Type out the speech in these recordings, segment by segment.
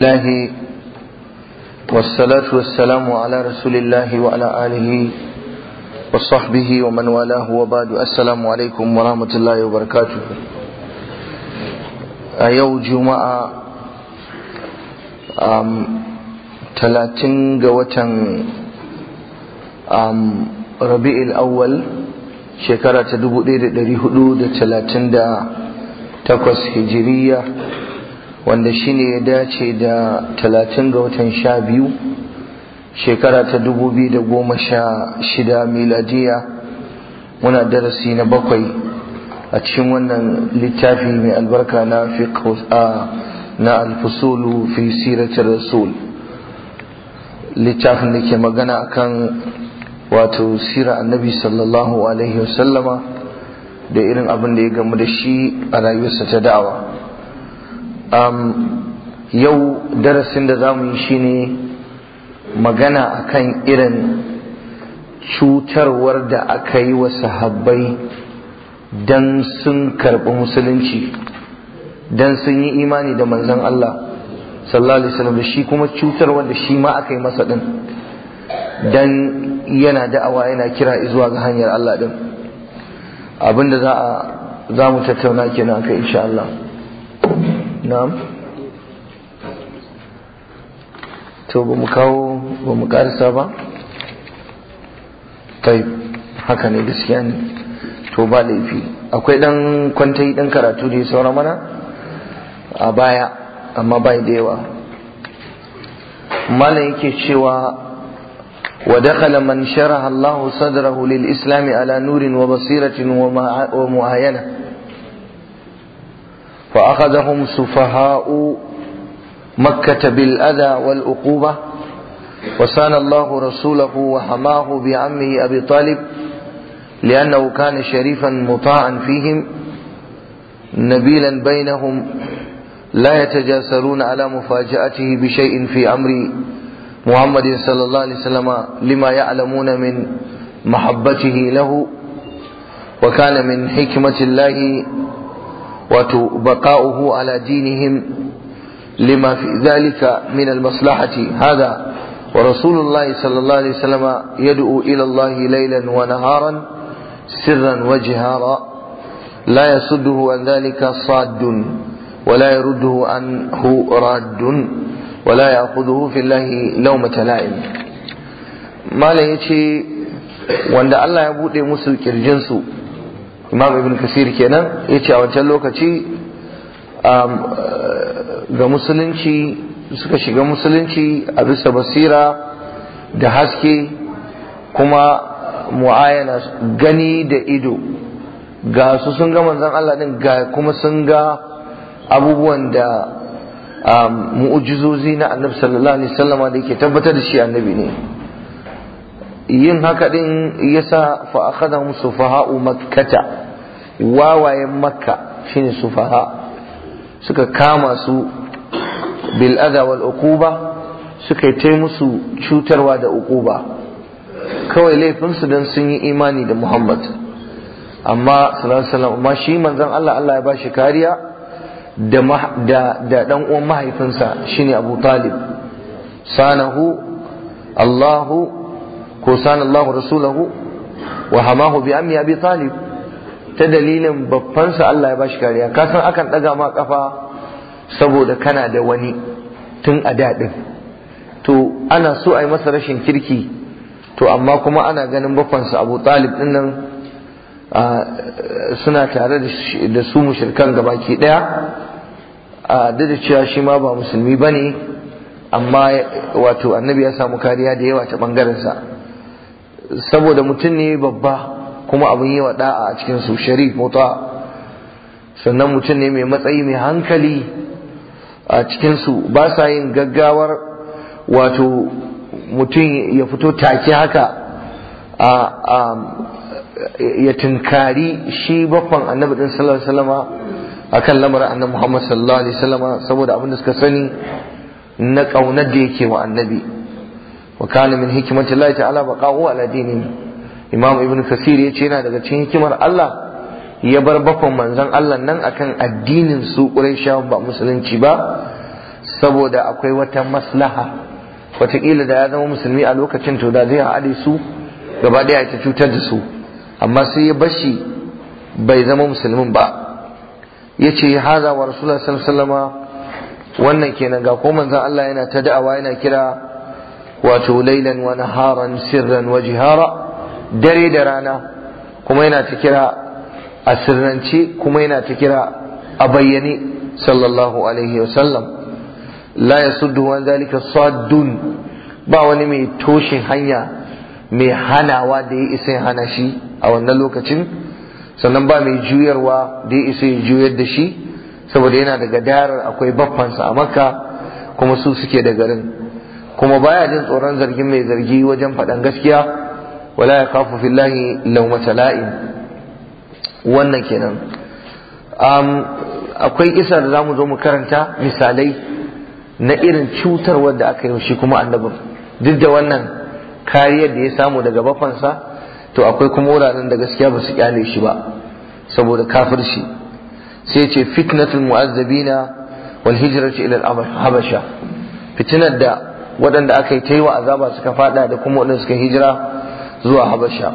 الله والصلاة والسلام على رسول الله وعلى آله وصحبه ومن والاه وبعد السلام عليكم ورحمة الله وبركاته أيو جمعة أم تلاتين قوتن أم ربيع الأول شكرة دبو دير دري هدو دا تلاتين دا تقوس هجرية wanda shi ne ya dace da talatin ga watan sha biyu shekara ta dubu goma sha shida miladiya muna darasi na bakwai a cikin wannan littafi mai albarka na na alfusulu fi rasul littafin da ke magana kan wato sirar annabi sallallahu alaihi wasallama da irin abin da ya gamu da shi a rayuwarsa ta da'awa yau darasin da za mu yi shi ne magana akan irin cutarwar da aka yi wa sahabbai don sun karɓi musulunci don sun yi imani da manzon Allah sallallahu alaihi wasallam da shi kuma cutarwar da shi ma aka yi masa ɗin don yana da'awa yana kira zuwa ga hanyar Allah ɗin, abinda za za mu tattauna kenan kai insha Allah na'am to ba mu kawo ba mu karisa ba tai haka ne gaskiya ne to ba laifi akwai dan kwantai dan karatu da ya saura mana a baya amma bai da yawa malam yake cewa ودخل من شرح الله صدره للإسلام على نور وبصيرة ومعاينة فأخذهم سفهاء مكة بالأذى والأقوبة وسان الله رسوله وحماه بعمه أبي طالب لأنه كان شريفا مطاعا فيهم نبيلا بينهم لا يتجاسرون على مفاجأته بشيء في أمر محمد صلى الله عليه وسلم لما يعلمون من محبته له وكان من حكمة الله وبقاؤه على دينهم لما في ذلك من المصلحة هذا ورسول الله صلى الله عليه وسلم يدعو إلى الله ليلا ونهارا سرا وجهارا لا يصده عن ذلك صاد ولا يرده عنه راد ولا يأخذه في الله لومة لائم ما لا يتي wanda الله ya buɗe musu imam ibn kasir kenan ya ce a wancan lokaci um, ga musulunci suka shiga musulunci a bisa basira da haske kuma mu'ayana gani da ido ga su sun ga manzan Allah din ga kuma sun ga abubuwan da um, mu'ujizozi na annabi sallallahu alaihi wasallama da yake tabbatar da shi annabi ne yin haka din yasa fa akhadhum sufaha'u makkata wawayen makka shine sufaha suka kama su bil adha wal uquba suka yi musu cutarwa da uquba kawai laifinsu dan sun yi imani da muhammad amma sallallahu ma shi manzon Allah Allah ya shi kariya da da dan uwan mahaifinsa shine Abu Talib sanahu Allahu ko sanallahu rasulahu wa hamahu bi ya bi talib ta dalilin baffansa Allah ya bashi kariya ka san akan ɗaga ma kafa saboda kana da wani tun a daɗin. to ana so a yi masa rashin kirki to amma kuma ana ganin bakwansa abu talib din suna tare da su mushirkan gabaki daya duk da cewa shima ba musulmi ba ne amma wato annabi ya samu kariya da yawa ta ɓangarensa saboda mutum ne babba kuma abin yi wa da'a a cikin sharif mota sannan mutum ne mai matsayi mai hankali a cikin su ba sa yin gaggawar wato mutum ya fito take haka a ya tunkari shi bakon annabi ɗin sallallahu alaihi wasallama akan lamarin annabi Muhammad sallallahu alaihi wasallama saboda abin da suka sani na ƙaunar da yake wa annabi wa kana min hikmati Allah ta'ala baqa'u ala dinihi Imam Ibn Kasir ce yana daga cikin hikimar Allah ya bar bakon manzon Allah nan akan addinin su Qurayshawa ba musulunci ba saboda akwai wata maslaha wataƙila da ya zama musulmi a lokacin to da zai su gaba ɗaya ta cutar da su amma sai ya bashi bai zama musulmin ba ya ce haza wa rasulullah sallallahu alaihi wasallama wannan kenan ga ko manzon Allah yana ta da'awa yana kira wato lailan wani naharan sirran wa jihara dare da rana kuma yana ta kira a sirrance kuma yana ta kira a bayyane sallallahu alaihi wasallam la yasuddu an zalika saddun ba wani mai toshin hanya mai hanawa da ya isa hana shi a wannan lokacin sannan ba mai juyarwa da ya isa ya juyar da shi saboda yana daga darar akwai baffansa a makka kuma su suke da garin kuma baya jin tsoron zargin mai zargi wajen faɗan gaskiya wala ya kafu fillahi laumata la'in wannan kenan akwai isa da zamu zo mu karanta misalai na irin cutar wanda aka yi shi kuma annabin duk da wannan kariyar da ya samu daga bafansa to akwai kuma wuraren da gaskiya ba su kyale shi ba saboda kafirci sai ce fitnatul mu'azzabina wal hijratu ila al-habasha fitnar da waɗanda aka yi ta yi wa azaba suka fada da kuma waɗanda suka hijira zuwa habasha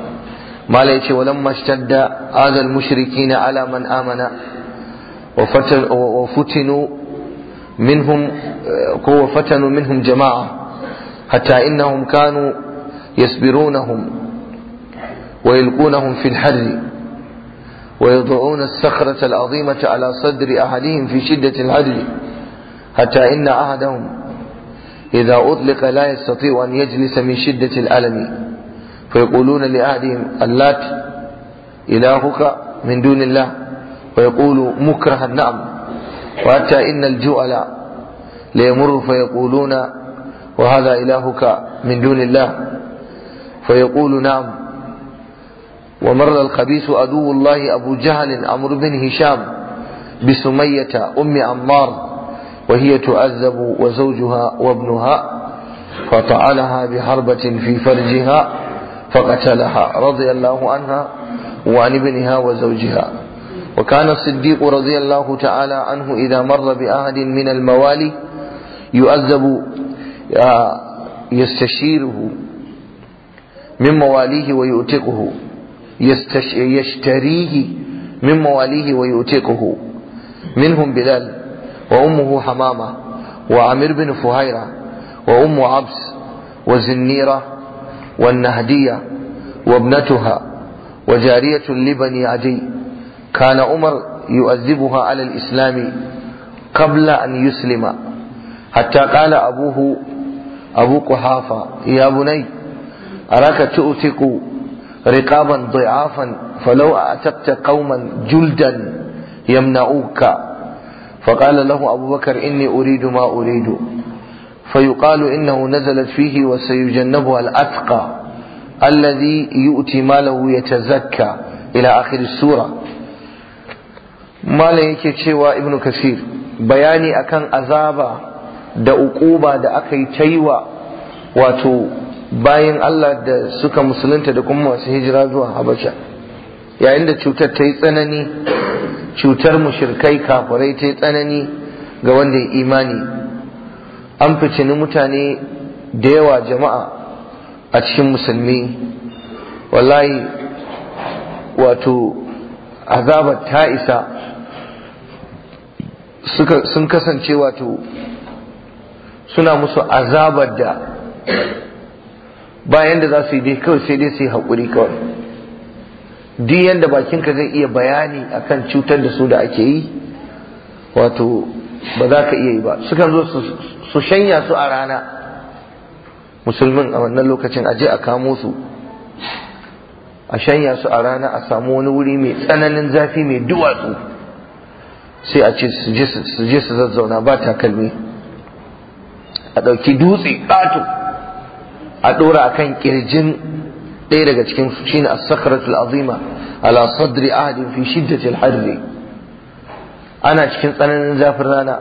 mala ya ce walan mashtadda azal mushriki na man amana wa futinu minhum ko wa fatanu minhum jama'a hatta innahum kanu yasbirunahum wa yulqunahum fil sakhrata al-'azimata ala sadri صدر fi shiddati al العدل hatta inna ahadahum إذا أطلق لا يستطيع أن يجلس من شدة الألم فيقولون لأهلهم اللات إلهك من دون الله ويقول مكره النعم وحتى إن الجؤل ليمر فيقولون وهذا إلهك من دون الله فيقول نعم ومر الخبيث عدو الله أبو جهل عمرو بن هشام بسمية أم عمار وهي تؤذب وزوجها وابنها فطعنها بحربة في فرجها فقتلها رضي الله عنها وعن ابنها وزوجها وكان الصديق رضي الله تعالى عنه إذا مر بأحد من الموالي يؤذب آه، يستشيره من مواليه ويؤتقه يشتريه من مواليه ويؤتقه منهم بلال وأمه حمامة وعمر بن فهيرة وأم عبس وزنيرة والنهدية وابنتها وجارية لبني عدي كان عمر يؤذبها على الإسلام قبل أن يسلم حتى قال أبوه أبو قحافة يا بني أراك تؤتق رقابا ضعافا فلو أعتقت قوما جلدا يمنعوك فقال له أبو بكر إني أريد ما أريد فيقال إنه نزلت فيه وسيجنبها الأتقى الذي يؤتي ماله يتزكى إلى آخر السورة malam yake cewa ibn kasir bayani akan azaba da ukuba da aka yi taiwa wato bayan Allah da suka musulunta da kuma masu hijira zuwa habasha yayin da cutar ta yi tsanani cutar mushirkai kafirai ta tsanani ga wanda ya imani an ficini mutane da yawa jama'a a cikin musulmi wallahi wato azabar ta isa sun kasance wato suna musu azabar da bayan da za su yi dai kawai sai dai su yi haƙuri kawai duk yadda bakinka zai iya bayani akan cutar da su da ake yi wato ba za ka iya yi ba sukan zo su shanya su a rana musulmin a wannan lokacin aje a kamo su a shanya su a rana a samu wani wuri mai tsananin zafi mai duwatsu sai a ce su je su zazzauna ba takalmi a ɗauki dutse ɓato a ɗora a kan ƙirjin ɗaya daga cikin su shine as-sakratul azima ala sadri ahadin fi shiddatil harri ana cikin tsananin zafin rana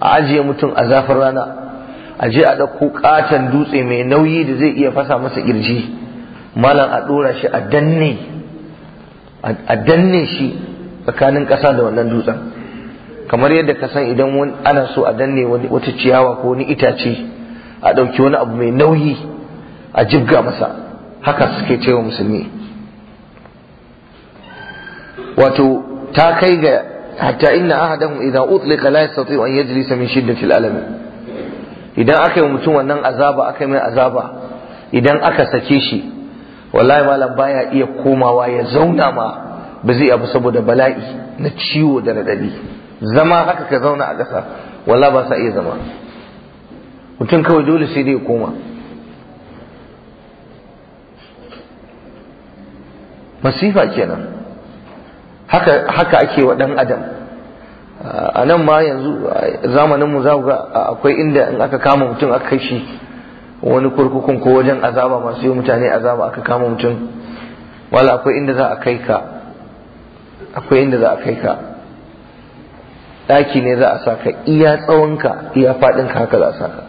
a ajiye mutum a zafin rana a je a ɗauko ƙaton dutse mai nauyi da zai iya fasa masa ƙirji malam a ɗora shi a danne shi tsakanin ƙasa da wannan dutsen kamar yadda ka san idan ana so a danne wata ciyawa ko wani itace a ɗauki wani abu mai nauyi a jibga masa haka suke cewa musulmi wato ta kai ga hatta inna ahadahum idan utliqa la yastati an yajlisa min shiddati al-alam idan aka yi mutum wannan azaba aka yi mai azaba idan aka sake shi wallahi malam baya iya komawa ya zauna ma ba zai abu saboda bala'i na ciwo da radadi zama haka ka zauna a ƙasa wallahi ba sa iya zama mutum kawai dole sai dai ya koma masifa kenan haka haka ake wa dan adam a nan ma yanzu zamaninmu za ga akwai inda in aka kama mutum aka kai shi wani kurkukun ko wajen azaba masu yi mutane azaba aka kama mutum wala akwai inda za a kai ka akwai inda za a kai ka ɗaki ne za a sa ka iya tsawonka iya faɗinka haka za a sa ka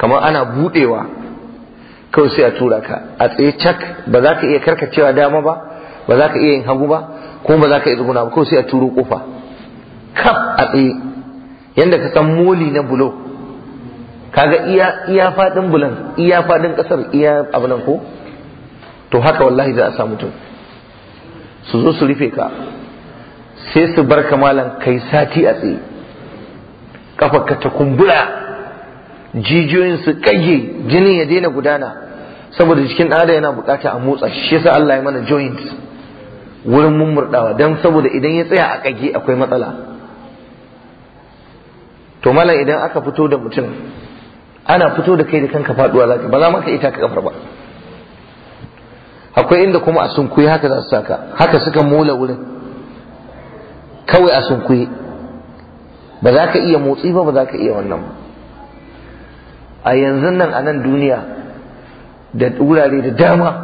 kamar ana buɗewa kawai sai a tura ka a tsaye cak ba za ka iya karkacewa dama ba ba za ka iya yin hagu ba Ko ba za ka iya tsuguna ba kawai sai a turo kofa kaf a tsaye yadda ka san moli na bulo kaga iya iya fadin bulan iya fadin kasar iya abu nan ko to haka wallahi za a sa mutum su zo su rufe ka sai su bar kamalan malam kai sati a tsaye kafarka ta kumbura jijiyoyin su kage jini ya daina gudana saboda jikin ɗan yana bukata a motsa shi yasa Allah ya mana joint wurin mummurdawa don saboda idan ya tsaya a kage akwai matsala to malam idan aka fito da mutum ana fito da kai da kanka faduwa ka ba za maka ita ka kafar ba akwai inda kuma a sunkuyi haka za su saka haka suka mola wurin kawai a sunkuyi ba za ka iya motsi ba ba za ka iya wannan a yanzu nan a nan duniya da wurare da dama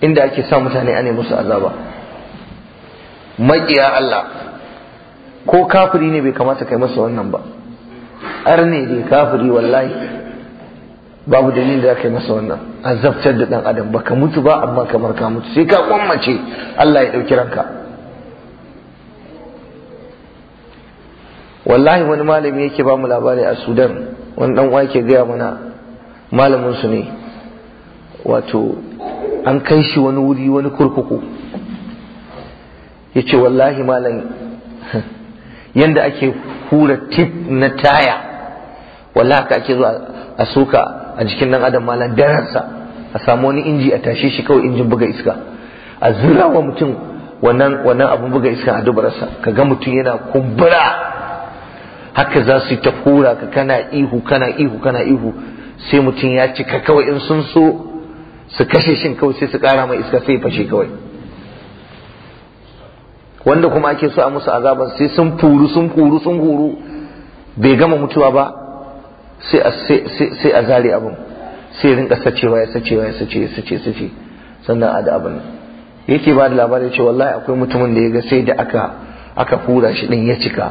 inda ake sa mutane ane musu azaba maƙiya Allah ko kafiri ne bai kamata kai masa wannan ba arne dai kafiri wallahi babu dalilin da kai masa wannan azabtar da dan adam baka mutu ba amma kamar ka mutu sai ka kwammace Allah ya dauki ranka wallahi wani malami yake ba mu labari a Sudan wani dan wake gaya mana malamin su ne wato an kai shi wani wuri wani kurkuku ya ce wallahi malam yadda ake hura tip na taya wallahi ka ake zuwa a soka a jikin nan adam malam daransa a samu wani inji a tashe shi kawai injin buga iska a zura wa mutum wannan wannan abin buga iska a dubararsa ka ga mutum yana kumbura haka za su yi ta hura ka kana ihu kana ihu kana ihu sai mutum ya cika kawai in sun so su kashe shin kawai sai su kara mai iska sai fashe kawai wanda kuma ake so a musu azaban sai sun furu sun furu sun huru bai gama mutuwa ba sai a zare abin sai rinka sacewa ya sacewa ya sace ya sace sace sannan a da abin yake ba da labarin cewa wallahi akwai mutumin da ya ga sai da aka aka hura shi din ya cika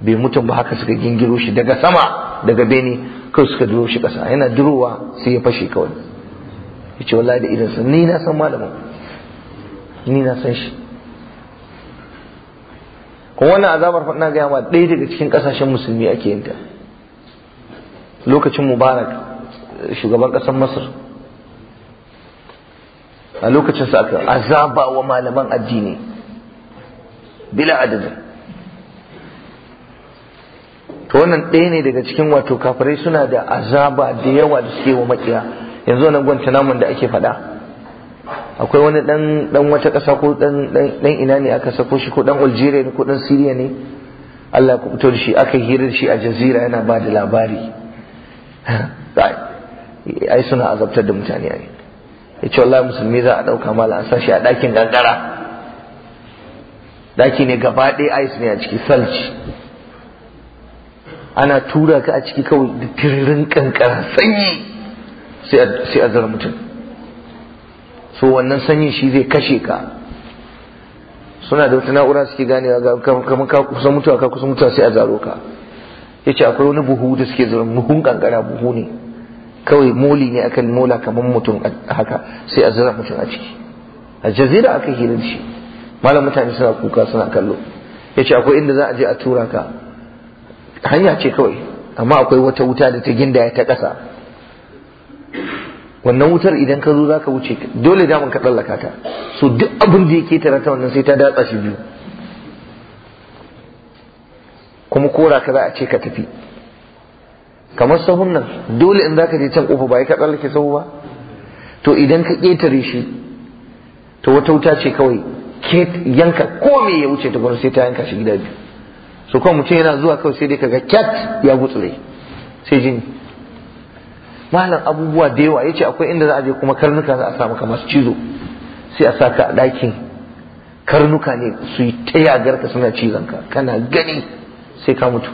bai mutum ba haka suka gingiro shi daga sama daga bene kawai suka duro shi kasa yana durowa sai ya fashe kawai yace wallahi da irin sa ni na san malamin ni na san shi ko wannan azabar fa na ga ma ɗaya daga cikin kasashen musulmi ake yin ta lokacin mubarak shugaban kasar masar a lokacin sa aka azaba wa malaman addini bila adadin to wannan ɗaya ne daga cikin wato kafirai suna da azaba da yawa da suke wa makiya yanzu nan gwanta namun da ake faɗa akwai wani dan dan wata ƙasa ko dan dan ina ne aka sako shi ko dan Algeria ne ko dan Syria ne Allah ku fito da shi aka hira shi a jazira yana ba da labari ai suna azabtar da mutane ai ce wallahi musulmi za a dauka mala an sashi a dakin gangara daki ne gaba ɗaya ice ne a ciki salci ana tura ka a ciki kawai da tiririn kankara sanyi sai a zara mutum so wannan sanyin shi zai kashe ka suna da wata na'ura suke ganewa ga kamar ka kusa mutuwa ka kusa mutuwa sai a zaro ka ya ce akwai wani buhu da suke zara muhun kankara buhu ne kawai moli ne akan mola kamar mutum haka sai a zara mutum a ciki a jazira aka hira da shi malam mutane suna kuka suna kallo ya ce akwai inda za a je a tura ka hanya ce kawai amma akwai wata wuta da ta gindaya ta ƙasa wannan wutar idan ka zo za ka wuce dole daman ka tsallaka ta so duk abin da yake tare ta wannan sai ta datsa shi biyu kuma kora ka za a ce ka tafi kamar sahun nan dole in za ka je can kofa ba ka tsallake sahu ba to idan ka ƙetare shi to wata wuta ce kawai yanka ko me ya wuce ta gwamnati sai ta yanka shi gida biyu so kuma mutum yana zuwa kawai sai dai ka ga kyat ya gutsure sai jini malam abubuwa da yawa yace akwai inda za a je kuma karnuka za a samu kamar cizo sai a saka a ɗakin karnuka ne su yi ta yagar ka suna cizon ka kana gani sai ka mutu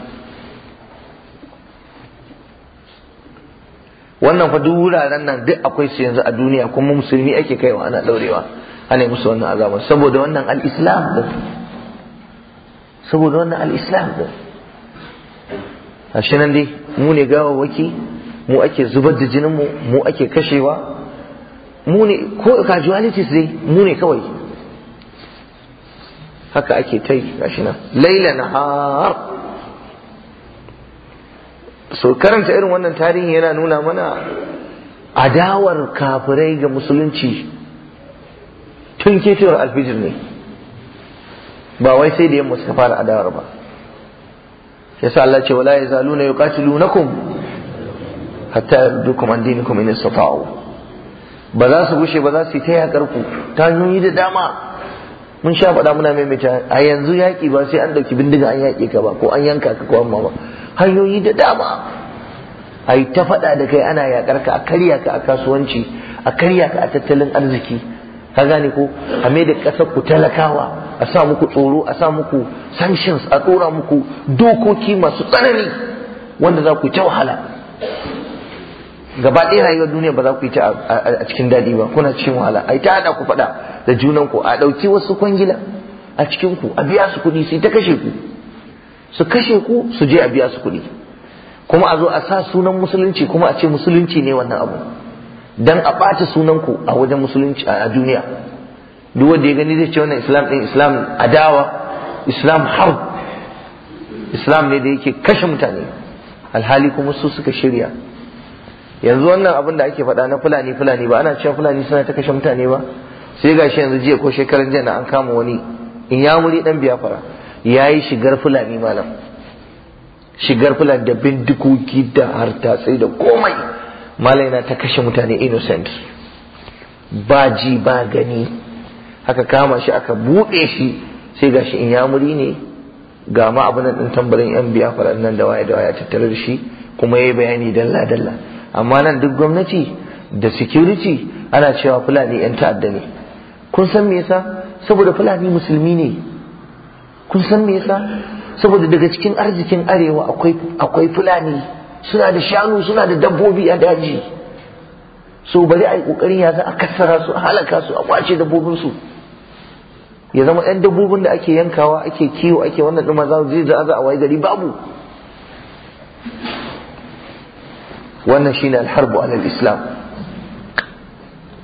wannan fa duk wuraren nan duk akwai su yanzu a duniya kuma musulmi ake kaiwa ana daurewa ana yi musu wannan azabar saboda wannan al-islam din saboda wannan al-islam din a nan dai mu ne waki mu ake zubar da jinin mu mu ake kashewa mu ne ko casualties dai mu ne kawai haka ake ta yi gashi nan laila nahar so karanta irin wannan tarihi yana nuna mana adawar kafirai ga musulunci tun ketewar alfijir ne ba wai sai da yamma suka fara adawar ba yasa Allah ce wala yazaluna yuqatilunakum hatta yardukum an dinikum in istata'u ba za su gushe ba za su yi ta yakar ku ta hanyoyi da dama mun sha faɗa muna maimaita a yanzu yaƙi ba sai an ɗauki bindiga an yaƙe ka ba ko an yanka ka ko an ba hanyoyi da dama a yi ta faɗa da kai ana yakar ka a karya ka a kasuwanci a karya ka a tattalin arziki ka gane ko a mai da ƙasar ku talakawa a sa muku tsoro a sa muku sanctions a tsora muku dokoki masu tsanani wanda za ku ta wahala gaba ɗaya rayuwar duniya ba za ku yi ta a cikin daɗi ba kuna cikin wahala ai ta hada ku faɗa da junan ku a ɗauki wasu kwangila a cikin ku a biya su kuɗi su yi ta kashe ku su kashe ku su je a biya su kuɗi kuma a zo a sa sunan musulunci kuma a ce musulunci ne wannan abu dan a ɓata sunan ku a wajen musulunci a duniya duk wanda ya gani zai ce wannan islam ɗin islam adawa islam har islam ne da yake kashe mutane alhali kuma su suka shirya yanzu wannan abin da ake faɗa na fulani fulani ba ana cewa fulani suna ta kashe mutane ba sai gashi yanzu jiya ko shekaran jiya na an kama wani in ya muri dan biyafara ya yi shigar fulani malam shigar fulani da bindigogi da sai da komai malam yana ta kashe mutane innocent ba ji ba gani aka kama shi aka buɗe shi sai gashi in ya muri ne ga ma abin nan tambarin yan biyafara nan da waya da waya tattare da shi kuma ya yi bayani dalla dalla amma nan duk gwamnati da security ana cewa fulani 'yan ta'adda ne kun san me yasa saboda fulani musulmi ne kun san me yasa saboda daga cikin arzikin arewa akwai fulani suna da shanu suna da dabbobi a daji so bari a yi kokarin ya za a kassara su a halaka su a kwace dabbobin su ya zama yan dabbobin da ake yankawa ake kiwo ake wannan ɗin maza zai za a wayi gari babu wannan shine alharbu alal islam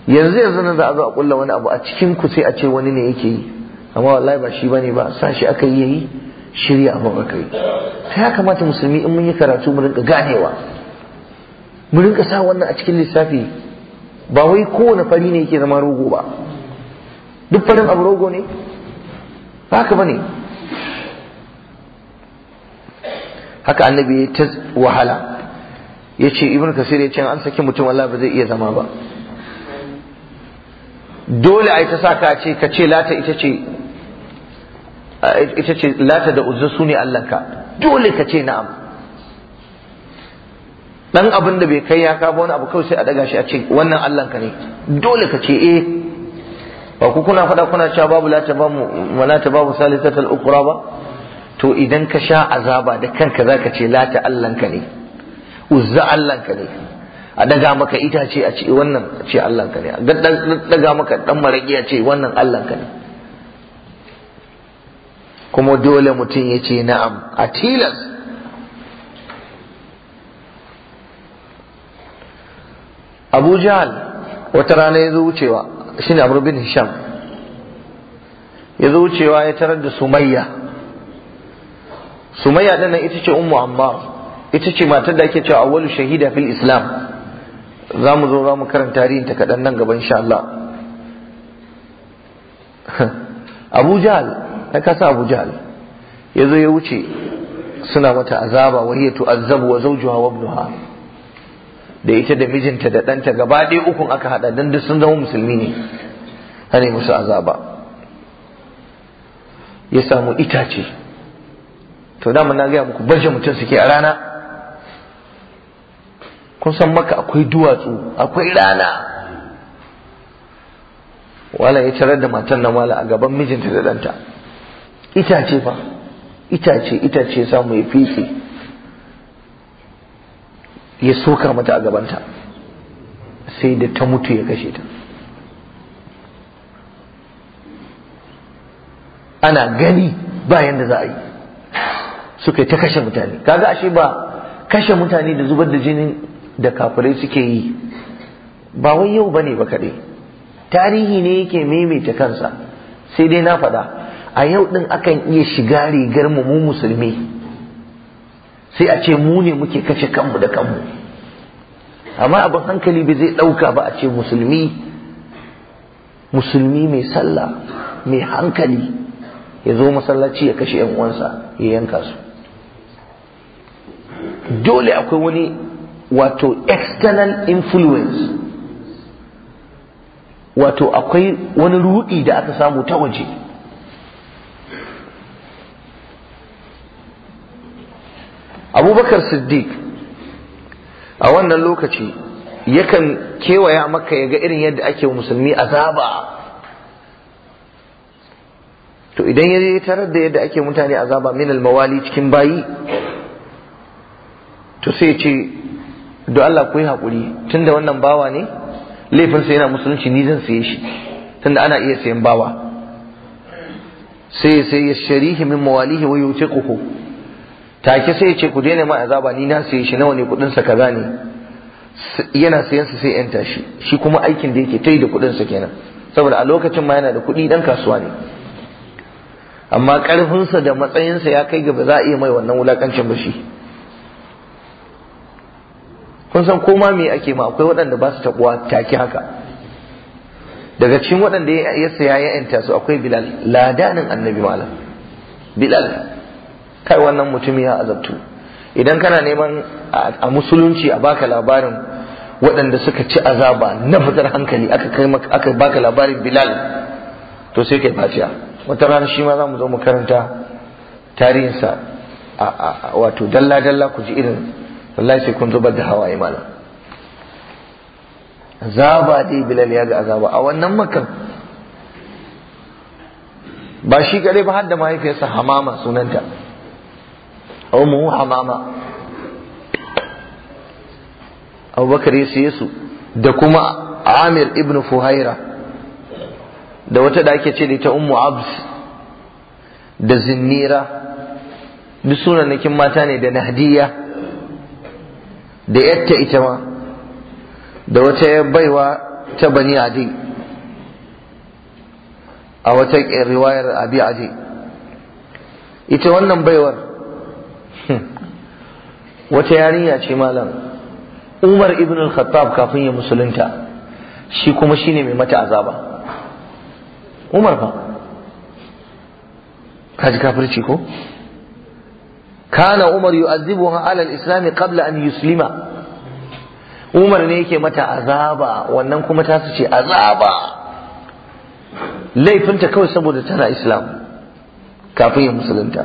yanzu yanzu nan za a zo a kulla wani abu a cikin ku sai a ce wani ne yake yi amma wallahi ba shi bane ba sashi aka yi yayi shirya abu aka yi sai ya kamata musulmi in mun yi karatu mu rinka ganewa mu rinka sa wannan a cikin lissafi ba wai kowane fari ne yake zama rogo ba duk farin abu rogo ne ba haka bane haka annabi ya ta wahala yace ibn kasir yace an saki mutum Allah ba zai iya zama ba dole ai ta saka ce ka ce lata ita ce ita ce lata da uzu su ne allanka dole ka ce na'am dan abin da bai kai ya ka wani abu kawai sai a daga shi a ce wannan allanka ne dole ka ce eh ba ku kuna faɗa kuna cewa babu lata mu lata babu salisatul ukra ba to idan ka sha azaba da kanka zaka ce lata allanka ne uzza Allahnka ne a daga maka itace a ce wannan a ce Allahnka ne a daga maka dan maraki a ce wannan Allahnka ne kuma dole mutum ya ce na'am a tilas Abu Jahal wata rana ya zo wucewa ne Amr bin Hisham ya zo wucewa ya tarar da Sumayya Sumayya dana ita ce Ummu Ammar ita ce matar da ake cewa awwalu shahida fil islam za mu zo za mu karanta tarihin ta kaɗan nan gaba insha Allah Abu Jahal na kasa Abu Jahal ya zo ya wuce suna mata azaba wa hiya tu'azzabu wa zawjuha wa ibnuha da ita da mijinta da ɗanta gaba ɗaya ukun aka haɗa dan duk sun zama musulmi ne hane musu azaba ya samu itace to da mun na gaya muku barje mutum suke a rana kun san maka akwai duwatsu akwai rana wala ya tarar da matan na wala a gaban mijinta da danta itace fa itace itace ya samu ya fice ya soka mata a gabanta sai da ta mutu ya kashe ta ana gani bayan da za a yi suka ta kashe mutane kaga ashe ba kashe mutane da zubar da jini. da kafirai suke yi ba wai yau bane ba kaɗai tarihi ne yake maimaita kansa sai dai na faɗa a yau ɗin akan iya shiga rigar mu mu musulmi sai a ce mu ne muke kashe kanmu da kanmu amma abin hankali bai zai ɗauka ba a ce musulmi musulmi mai sallah mai hankali ya zo masallaci ya kashe 'yan uwansa ya yanka su dole akwai wani wato external influence wato akwai wani ruɗi da aka samu ta waje abubakar siddiq a wannan lokaci yakan kewaya maka ya ga irin yadda ake musulmi azaba to idan ya tarar da yadda ake mutane azaba min almawali cikin bayi to sai ce da Allah ku yi haƙuri tunda wannan bawa ne Laifinsa yana musulunci ni zan saye shi tunda ana iya sayan bawa sai sai ya sharihi min mawalihi wa yutiquhu take sai ya ce ku daina ma azaba ni na saye shi nawa ne kudin sa kaza ne yana sayan sa sai yanta shi shi kuma aikin da yake tai da kudin sa kenan saboda a lokacin ma yana da kudi dan kasuwa ne amma karfin da matsayinsa ya kai ga ba za a iya mai wannan wulakancin ba shi kun san koma me ake ma akwai waɗanda ba su taɓuwa take haka daga cikin waɗanda ya saya ya yanta su akwai bilal ladanin annabi malam bilal kai wannan mutum ya azabtu idan kana neman a musulunci a baka labarin waɗanda suka ci azaba na fitar hankali aka baka labarin bilal to sai kai fatiya wata rana shi ma za mu zo mu karanta tarihinsa wato dalla-dalla ku ji irin wallahi sai kun zubar da hawaye malam azaba dai bilal ya ga azaba a wannan makan ba shi kare ba har da mahaifiyarsa hamama sunanta ummu hamama abubakar ya siye su da kuma amir ibn fuhaira da wata da ake ce da ita ummu abs da zinnira duk nakin mata ne da nahdiya da yadda ita ma da wata baiwa ta bani adi a wata riwayar abi adi ita wannan baiwar wata yarinya ce malam umar ibn al-khattab kafin ya musulunta shi kuma shine mai mata azaba umar fa kaji kafirci ko kana umar yu'azzibuha ala al-islam qabla an yuslima umar ne yake mata azaba wannan kuma ta su azaba laifinta kawai saboda tana islam kafin ya musulunta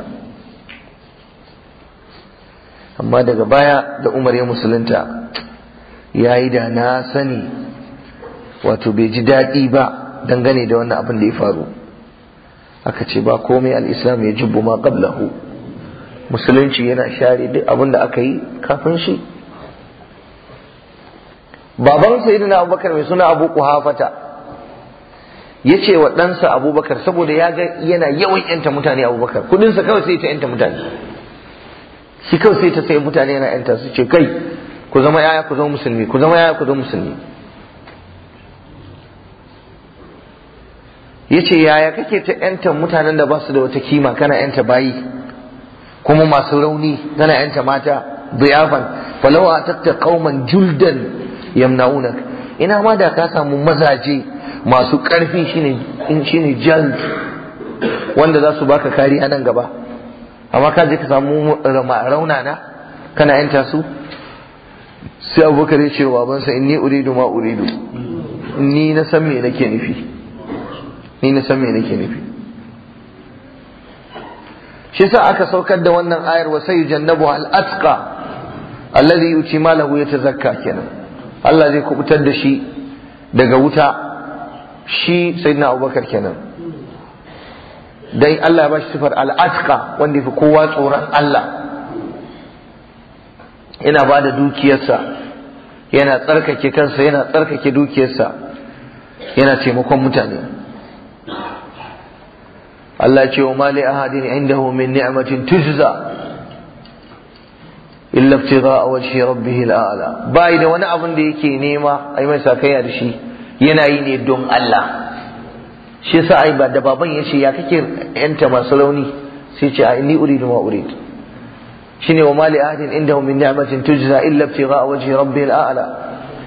amma daga baya da umar ya musulunta ya yi da na sani wato bai ji daɗi ba dangane da wannan abin da ya faru aka ce ba komai al'islam ya jubbu ma qablahu musulunci yana share duk abin da aka yi kafin shi baban sayyidina abubakar mai suna abu kuhafata ya ce wa ɗansa abubakar saboda ya ga yana yawan yanta mutane abubakar kudinsa kawai sai ta yanta mutane shi kawai sai ta sai mutane yana yanta su ce kai ku zama yaya ku zama musulmi ku zama yaya ku zama musulmi ya ce yaya kake ta yanta mutanen da ba su da wata kima kana yanta bayi kuma masu rauni tana yanta mata diyafan falau atatta qauman juldan yamna'unak ina ma da ka samu mazaje masu karfi shine shine jald wanda za su baka kariya nan gaba amma ka je ka samu raunana kana yanta su sai abubakar ya ce wa bansa inni uridu ma uridu ni na san me nake nufi ni na san me nake nufi shi sa aka saukar da wannan ayar wa sai jannabu al atqa alladhi yuti malahu yatazakka kenan Allah zai kubutar da shi daga wuta shi sayyidina Abubakar kenan dai Allah ya bashi sifar al atqa wanda fi kowa tsoron Allah yana ba da dukiyarsa yana tsarkake kansa yana tsarkake dukiyarsa yana taimakon mutane Allah ce wa mali ahadin indahu min ni'matin tujza illa ibtigha wajhi rabbih ala. bai da wani abun da yake nema ai mai sakayya da shi yana yi ne don Allah shi yasa ai ba da baban yace ya kake yanta masu rauni sai ce ai ni uridu ma urid shine wa mali ahadin indahu min ni'matin tujza illa ibtigha wajhi rabbih al'ala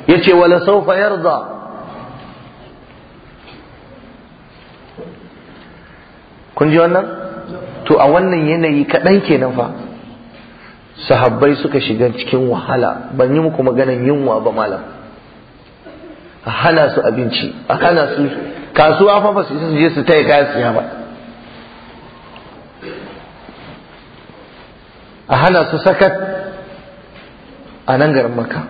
yace wala sawfa yarda kun ji wannan to a wannan yanayi kaɗan kenan fa sahabbai suka shiga cikin wahala ban yi muku maganan yunwa ba malam a hana su abinci a hana su kasuwa fa ba su je su taya kayan siya ba a hana su sakat a nan garin maka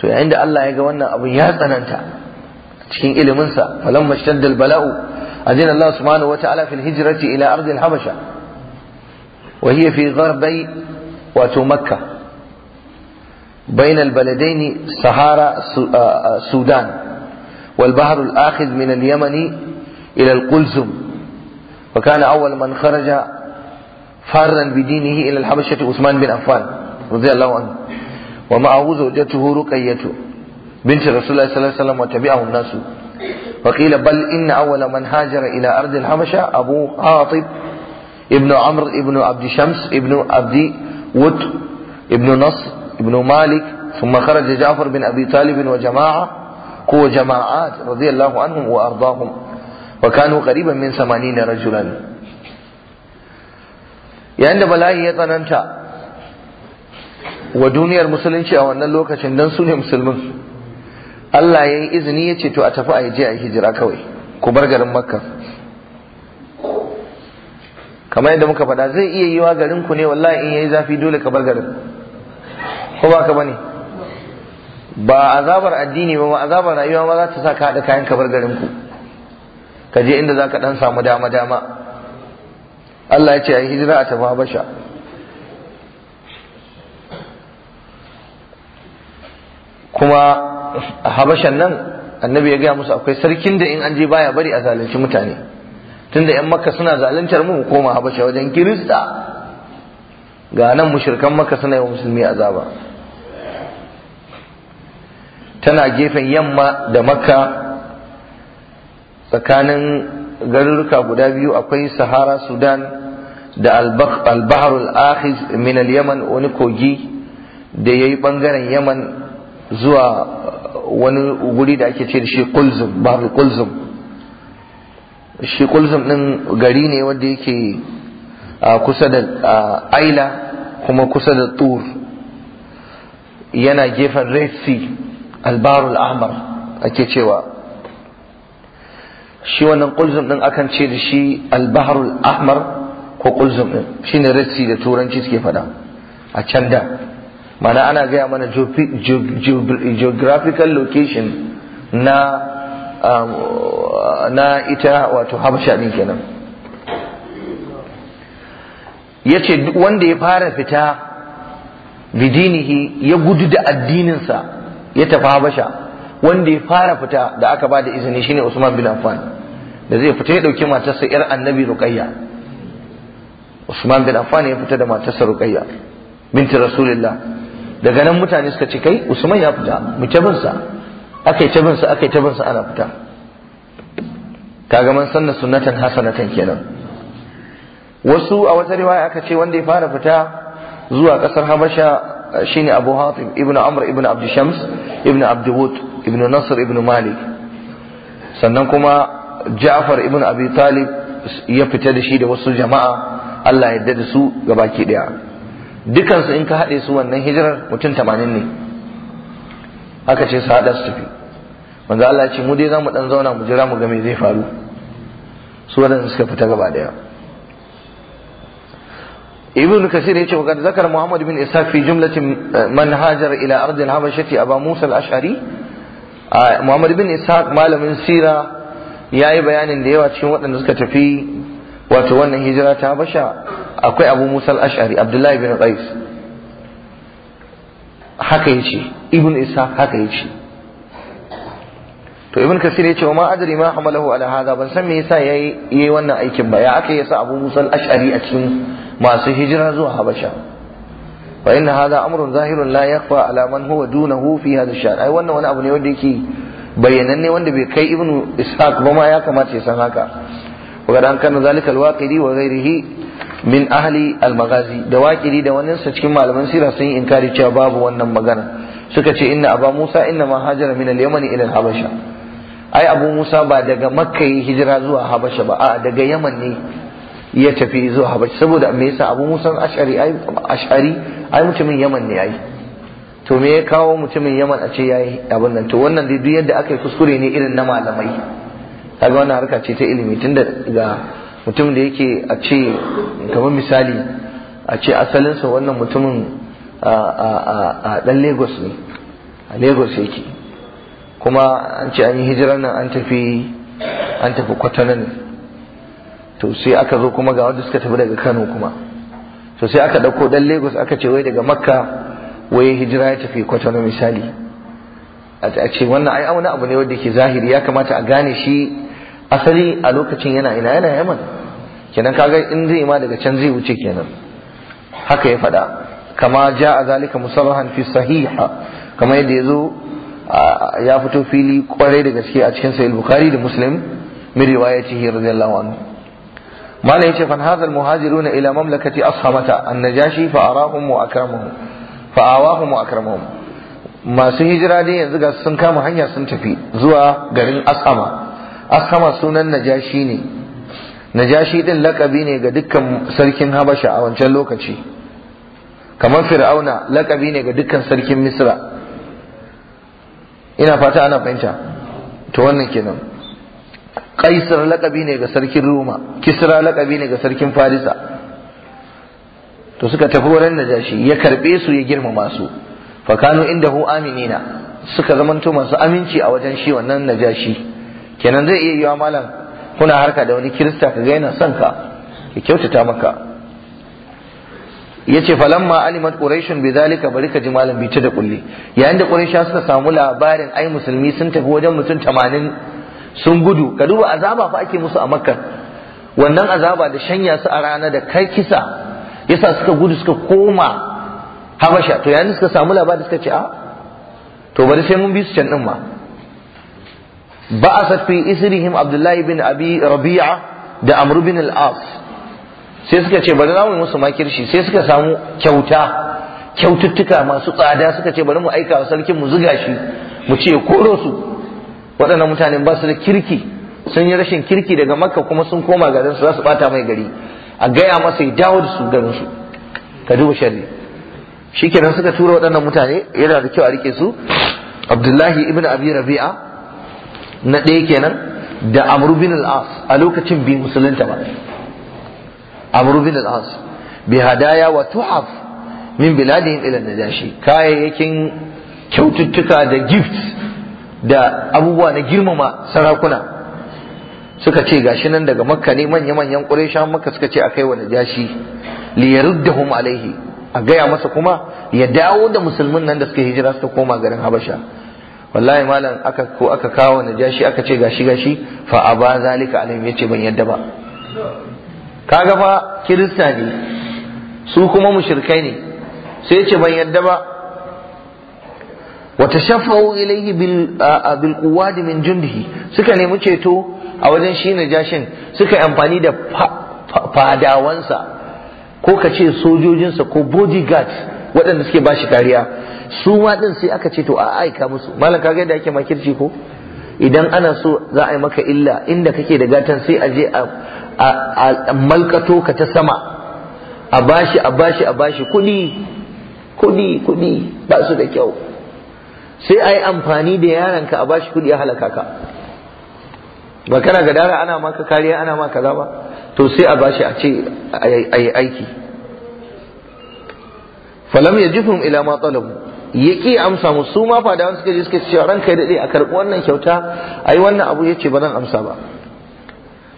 to yayin da Allah ya ga wannan abin ya tsananta cikin iliminsa falamma shaddal bala'u أذن الله سبحانه وتعالى في الهجرة إلى أرض الحبشة وهي في غربي واتو مكة بين البلدين صحارى السودان آه، آه، والبحر الآخذ من اليمن إلى القلزم وكان أول من خرج فارا بدينه إلى الحبشة عثمان بن عفان رضي الله عنه ومعه زوجته رقية بنت رسول الله صلى الله عليه وسلم وتبعه الناس وقيل بل إن أول من هاجر إلى أرض الحبشة أبو حاطب ابن عمرو ابن عبد شمس ابن عبد ود ابن نصر ابن مالك ثم خرج جعفر بن أبي طالب وجماعة قوة جماعات رضي الله عنهم وأرضاهم وكانوا قريبا من ثمانين رجلا يعني عندما لا ya ودنيا المسلمين duniyar musulunci a wannan lokacin dan su Allah ya yi izini ya ce to a tafi a yi a yi hijira kawai ku bar garin makka kamar yadda muka faɗa zai iya yiwa garin ku ne wallahi in yayi zafi dole ka bar garin ko ba ka bane ba azabar addini ba azabar rayuwa ma za ta sa ka haɗa kayan ka bar garin ku ka je inda za ka ɗan samu dama dama Allah ya ce a yi hijira a tafi Habasha kuma habashan nan annabi ya gaya musu akwai sarkin da in an je baya bari a zalunci mutane tunda yan makka suna zaluntar mu koma habasha wajen kirista ga nan mushrikan makka suna yi musulmi azaba tana gefen yamma da makka tsakanin garuruka guda biyu akwai sahara sudan da albahar al-akhiz min al wani kogi da ya yi bangaren yaman zuwa wani guri da ake ce da shi kulzum babu kulzum shi kulzum din gari ne wanda yake kusa da aila kuma kusa da tur yana gefen red sea albarul ahmar ake cewa shi wannan kulzum din akan ce da shi albaharul ahmar ko kulzum din shine red sea da turanci suke faɗa a can da mana ana gaya mana geographical location na um, na ita wato habasha din kenan ya ce wanda ya fara fita bidinihi ya gudu da addininsa ya tafi habasha wanda ya fara fita da aka ba da izini shine usman bin affan da zai fita ya dauki matarsa 'yar annabi ruqayya usman bin affan ya fita da matarsa ruqayya binti rasulullah daga nan mutane suka ce kai usman ya fita mu ta aka yi aka yi ana fita kaga man sanna sunnatan hasanatan kenan wasu a wata riwaya aka ce wanda ya fara fita zuwa kasar habasha eh, shine abu hatim ibn amr ibn abd shams ibn abd wud ibn nasr ibn malik sannan kuma ja'far ibn abi talib ya fita da shi da wasu jama'a Allah ya yarda da su gabaki daya dukansu in ka haɗe su wannan hijirar mutum tamanin ne aka ce su haɗa su tafi wanda Allah ce mu dai za mu ɗan zauna mu jira mu ga me zai faru su waɗanda suka fita gaba ɗaya ibn kasir yace wa kad zakar muhammad bin isa fi jumlatin eh, man hajar ila ardil habashati aba musa al-ash'ari muhammad bin isa malamin sira ya yi bayanin da yawa cikin waɗanda suka tafi wato wannan hijira ta habasha akwai abu musa al-ash'ari abdullahi bin qais haka yace ibn isa haka yace to ibn kasir yace wa ma adri ma hamalahu ala hada ban san me yasa yayi yayi wannan aikin ba ya aka yasa abu musa ashari a cikin masu hijira zuwa habasha fa inna hada amrun zahirun la yakhfa ala man huwa dunahu fi hada ash ai wannan wani abu ne wanda yake bayyananne wanda bai kai ibn ishaq ba ma ya kamata ya san haka wa gadan kana zalikal, waqidi wa ghairihi min ahli al-maghazi da waƙiri da wannan sa cikin malaman sira sun yi inkari cewa babu wannan magana suka ce inna aba musa inna ma hajara min al-yamani ila al-habasha ai abu musa ba daga makka yi hijira zuwa habasha ba a daga yaman ne ya tafi zuwa habasha saboda me yasa abu musa ash'ari ai ash'ari ai mutumin yaman ne ai to me ya kawo mutumin yaman a ce yayi abin nan to wannan dai duk yadda aka yi kuskure ne irin na malamai kaga wannan harka ce ta ilimi tunda ga mutum da yake a ce kamar misali a ce asalinsa wannan mutumin a dan lagos ne a lagos yake kuma an ce an yi hijirar nan an tafi an tafi kwatana ne to sai aka zo kuma ga wanda suka tafi daga kano kuma to sai aka ɗauko ɗan lagos aka ce wai daga makka wai hijira ya tafi kwatana misali a ce wannan ai abu ne wanda ke zahiri ya kamata a gane shi asali a lokacin yana ina yana yaman kenan kaga in zai ma daga can zai wuce kenan haka ya faɗa kama ja a zalika musarrahan fi sahiha kama yadda ya zo ya fito fili kwarai da gaske a cikin sahih bukhari da muslim min riwayatihi radiyallahu anhu mala yace fan hadha al muhajirun ila mamlakati ashamata an najashi fa arahum wa akramahum fa awahum wa masu hijira dai yanzu ga sun kama hanya sun tafi zuwa garin ashama Akama sunan najashi ne najashi din lakabi ne ga dukkan sarkin habasha a wancan lokaci kamar fir'auna lakabi ne ga dukkan sarkin misra ina fata ana fahimta to wannan kenan kaisar lakabi ne ga sarkin roma kisra lakabi ne ga sarkin farisa to suka tafi wurin najashi ya karbe su ya girmama su fakanu indahu aminina suka zamanto masu aminci a wajen shi wannan najashi kenan zai iya yiwa malam kuna harka da wani kirista ka ga yana son ka ya kyautata maka Ya yace falamma alimat quraishun zalika bari ka ji malam bice da kulli yayin da quraisha suka samu labarin ai musulmi sun tafi wajen mutum tamanin sun gudu ka duba azaba fa ake musu a makka wannan azaba da shanya su a rana da kai kisa yasa suka gudu suka koma habasha to yayin suka samu labarin suka ce a ah, to bari sai mun bi su can din ma ba'asat fi isrihim abdullahi bin abi rabi'a da amr bin al-as sai suka ce bari zamu musu makirshi sai suka samu kyauta kyaututtuka masu tsada suka ce bari mu aika wa sarkin mu zuga shi mu ce koro su waɗannan mutane ba su da kirki sun yi rashin kirki daga makka kuma sun koma garin su za su bata mai gari a gaya masa ya dawo da su garin su ka duba sharri shikenan suka tura waɗannan mutane yana da kyau a rike su abdullahi ibn abi rabi'a na ɗaya kenan da amru bin al a lokacin bi musulunta ba amru bin al bi hadaya wa tuhaf min biladihim ila najashi kayayyakin kyaututtuka da gifts da abubuwa na girmama sarakuna suka ce gashi nan daga makka ne manya manyan qurayshan makka suka ce a kai wa najashi li hum, alaihi a gaya masa kuma ya dawo da musulmin nan da suka hijira suka koma garin habasha wallahi malam aka ko aka kawo najashi aka ce gashi gashi fa aba zalika alim yace ban yadda ba kaga fa kirista ne su kuma mushrikai ne sai yace ban yadda ba wa tashaffa'u ilayhi bil bil quwad min jundihi suka nemi ceto a wajen shi jashin, suka yi amfani da fadawansa ko ka ce sojojinsa ko bodyguards waɗanda suke bashi kariya su ma din sai aka ce to a aika musu malam kaga yadda ake makirci ko idan ana so za a yi maka illa inda kake da gatan sai a je a malkato ka ta sama a bashi a bashi a bashi kuɗi kuɗi kuɗi ba su da kyau sai a amfani da yaranka a bashi kuɗi a halaka ka ba kana dara ana maka kariya ana maka kaza ba to sai a bashi a ce a yi aiki falam yajifum ila ma talabu ya amsa mu su ma fadawan suka je suka ce kai dade a karbi wannan kyauta ai wannan abu yace ba zan amsa ba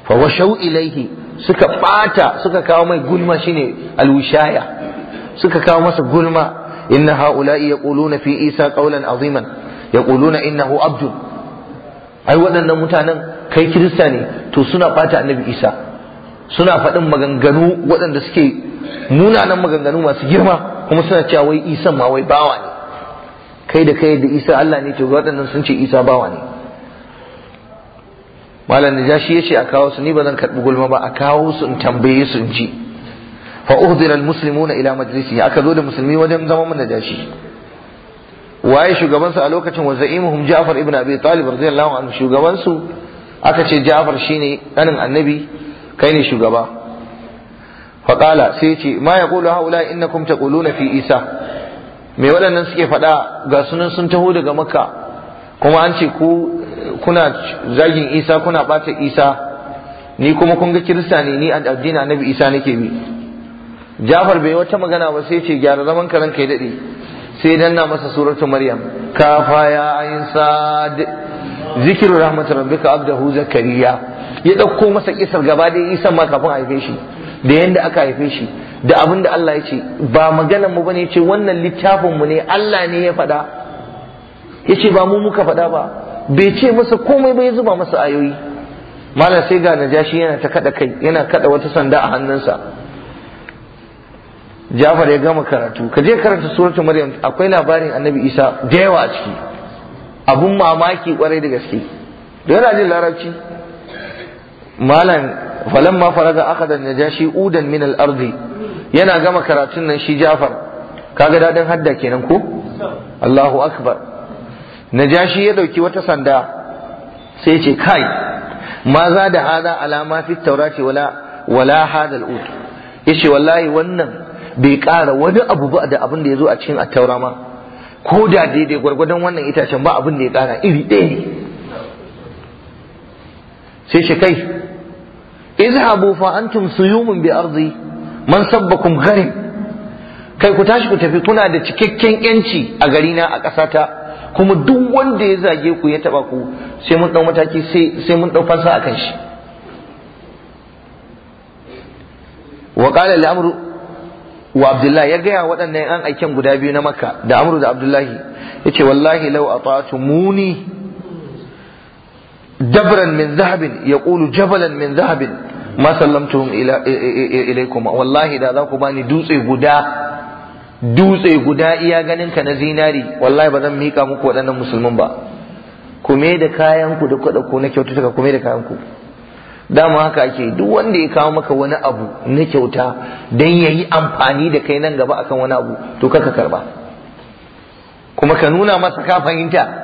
fa washau ilaihi suka bata suka kawo mai gulma shine alwishaya suka kawo masa gulma inna haula'i yaquluna fi isa qawlan aziman yaquluna innahu abdu ai waɗannan mutanen kai kirista ne to suna bata annabi isa suna faɗin maganganu waɗanda suke munanan maganganu masu girma kuma suna cewa wai isan ma wai bawa ne kai da kai da isa Allah ne to waɗannan sun ce isa bawa ne malam da ya ce a kawo su ni ba zan karɓi gulma ba a kawo su in tambaye su in ji fa uhdira almuslimuna ila majlisi aka zo da musulmi wajen zama mun najashi waye shugabansu a lokacin wa za'imuhum Ja'far ibn Abi Talib radiyallahu anhu shugaban su aka ce Ja'far shine ɗanin annabi kai ne shugaba fa sai ya ce ma yaqulu haula innakum taquluna fi Isa Mai waɗannan suke faɗa ga sunan sun taho daga makka kuma an ce ku kuna zagin isa kuna ɓata isa ni kuma kunga kirista ne ni addini annabi isa nake bi jafar bai wata magana ba sai ce gyara zaman karan kai ya daɗe sai danna masa suratu maryam kafa ya ayin sad zikiru rahmatar rabbika abdahu zakariya ya ɗauko masa kisar gaba da isa ma kafin a haife shi da yanda aka haife shi da abin da Allah ya ce ba magana mu bane ce wannan littafin mu ne Allah ne ya faɗa ya ce ba mu muka faɗa ba bai ce masa komai ya zuba masa ayoyi malam sai ga najashi yana ta kada kai yana kada wata sanda a hannunsa Jafar ya gama karatu ka je karanta suratul Maryam akwai labarin Annabi Isa da yawa a ciki abun mamaki kwarai da gaske da yana jin larabci malam falamma faraga akhadha najashi udan min al-ardi yana gama karatun nan shi Ja'far kaga dadin hadda kenan ko Allahu akbar najashi ya dauki wata sanda sai ce kai ma za da hada alama fi taurati wala wala hada al-ut yace wallahi wannan bai ƙara wani abu ba da abin da ya zo a cikin attaura ma ko da daidai gwargwadon wannan itacen ba abin da ya ƙara iri ɗaya ne sai shi kai izhabu fa antum suyumun bi ardi man sabbakum gharib kai ku tashi ku tafi kuna da cikakken yanci a gari na a ƙasata kuma duk wanda ya zage ku ya taba ku sai mun dau mataki sai mun dau fansa akan shi wa qala li wa abdullahi ya gaya waɗannan an aiken guda biyu na makka da amru da abdullahi yace wallahi law muni dabran min zahabin ya ƙulu jabalan min zahabin ma ilaikuma ilaikum wallahi da za ku bani dutse guda dutse guda iya ganin ka na zinari wallahi ba zan mika muku waɗannan musulmin ba ku da kayanku da kuɗa ko na kyaututtuka ku da kayanku. dama haka ake duk wanda ya kawo maka wani abu na kyauta dan yayi amfani da kai nan gaba akan wani abu to ka karba kuma ka nuna masa ka fahimta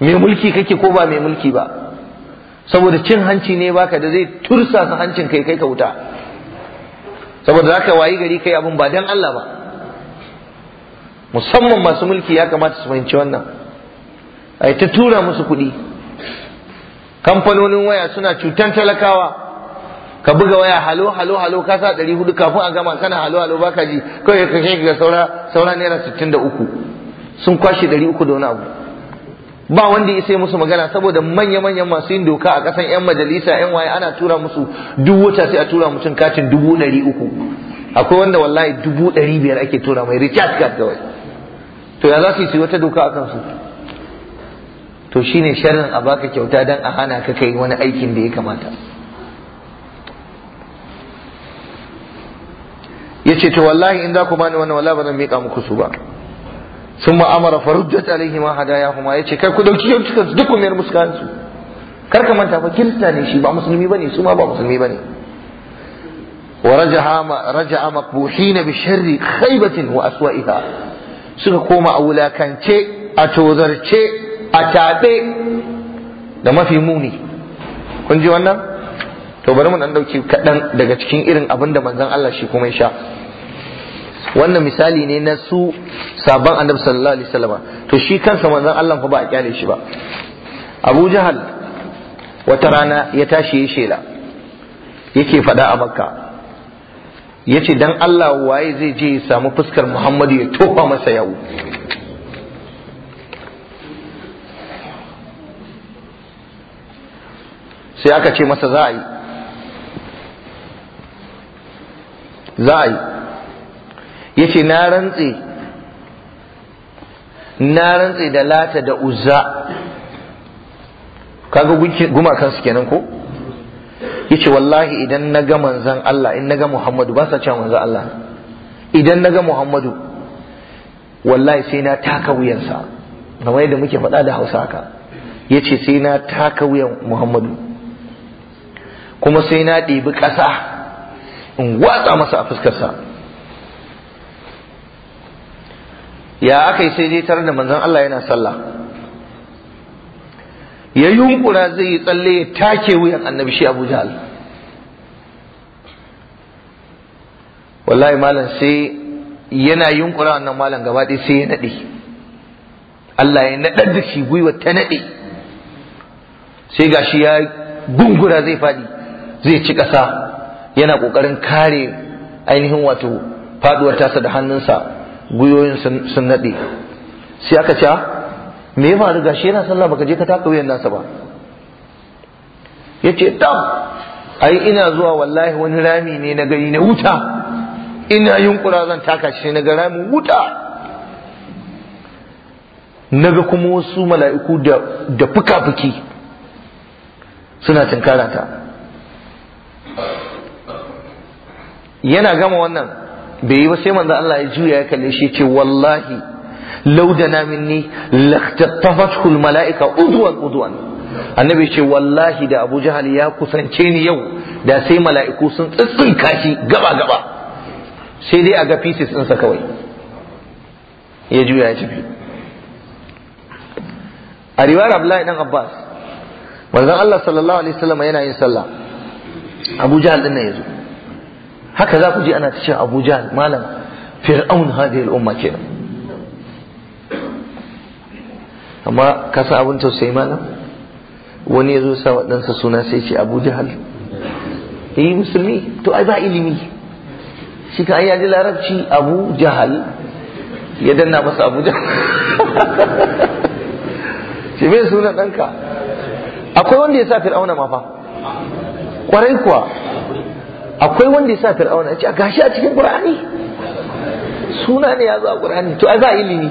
mai mulki kake ko ba mai mulki ba saboda cin hanci ne baka da zai tursa su hancin kai kai ka wuta saboda zaka wayi gari kai abin ba dan Allah ba musamman masu mulki ya kamata su fahimci wannan ai ta tura musu kuɗi kamfanonin waya suna cutan talakawa ka buga waya halo halo halo ka sa ɗari hudu kafin a gama kana halo halo baka ji kawai ka shiga saura saura naira sittin da uku sun kwashe ɗari uku da wani abu ba wanda ya sai musu magana saboda manya-manyan masu yin doka a kasan 'yan majalisa 'yan waye ana tura musu duk wata sai a tura mutum katin dubu ɗari uku akwai wanda wallahi dubu ɗari biyar ake tura mai richard card kawai to ya za su yi wata doka a kansu to shine sharrin a baka kyauta don a hana ka kai wani aikin da ya kamata ya ce to wallahi in za ku bani wannan wala ba zan miƙa muku su ba sun ma'amara farujjat alaihi ma hadaya kuma ya ce kai ku dauki yau cikin duk kumiyar muskayen su kar ka manta fa kirista ne shi ba musulmi ne su ma ba musulmi ne. wa raja'a raja'a maqbuhina bi sharri khaybatin wa ita suka koma a wulakance a tozarce a tabe da mafi muni kun ji wannan to bari mu dan dauki kadan daga cikin irin abin da manzon Allah shi kuma ya sha wannan misali ne na su sabon annabi sallallahu alaihi wasallam to shi kansa manzon Allah fa ba a kyale shi ba Abu Jahal wata rana ya tashi ya shela yake fada a Makka yace dan Allah waye zai je ya samu fuskar Muhammadu ya tofa masa yau? sai aka ce masa za a yi za a yi yace na rantse na rantse da lata da uzza kaga gumakan su kenan ko yace wallahi idan na ga manzan Allah in na ga Muhammadu ba sa cewa manzan Allah idan na ga Muhammadu wallahi sai na taka wuyansa kamar yadda muke faɗa da Hausa haka yace sai na taka wuyan Muhammadu kuma sai na ɗebi ƙasa in watsa masa a fuskarsa ya aka yi sai zai tarar da manzon Allah yana sallah ya yunkura zai yi tsalle ya take wuyan annabi shi Abu Jahal wallahi malam sai yana yunkura wannan malam gabaɗaya sai ya naɗe Allah ya naɗar da shi gwiwa ta naɗe sai ga shi ya gungura zai faɗi zai ci ƙasa yana ƙoƙarin kare ainihin wato faɗuwar tasa da hannunsa guyoyin sun naɗe sai aka ce ah, me ya faru gashi yana sallah baka je ka taka wuyan nasa ba yace dam ai ina zuwa wallahi wani rami ne na gari na wuta ina yunkura zan taka shi na ga ramin wuta naga kuma wasu mala'iku da fuka-fuki suna tunkarata yana gama wannan bai yi ba sai manzo Allah ya juya ya kalle shi ce wallahi law dana minni laktatafatul mala'ika udwan udwan annabi ce wallahi da Abu Jahal ya kusance ni yau da sai mala'iku sun tsitsin kashi gaba gaba sai dai a ga pieces ɗinsa kawai ya juya ya tafi a riwayar Abdullahi dan Abbas manzon Allah sallallahu alaihi wasallam yana yin sallah Abu Jahal din ya yazo haka za ku ji ana cewa Abu Jahl malam fir'aun hadhihi al-umma kenan amma ka san abin tausayi malam wani ya zo sa waɗansa suna sai ce Abu Jahl yi eh, musulmi to ai ba ilimi shi ka ya ji larabci Abu Jahl ya danna masa Abu Jahl shi me sunan ɗanka akwai wanda ya sa fir'auna ma fa Ƙwarai kuwa akwai wanda ya sa fir'auna ya ce gashi a cikin qur'ani suna ne ya zo a qur'ani to ai za ilimi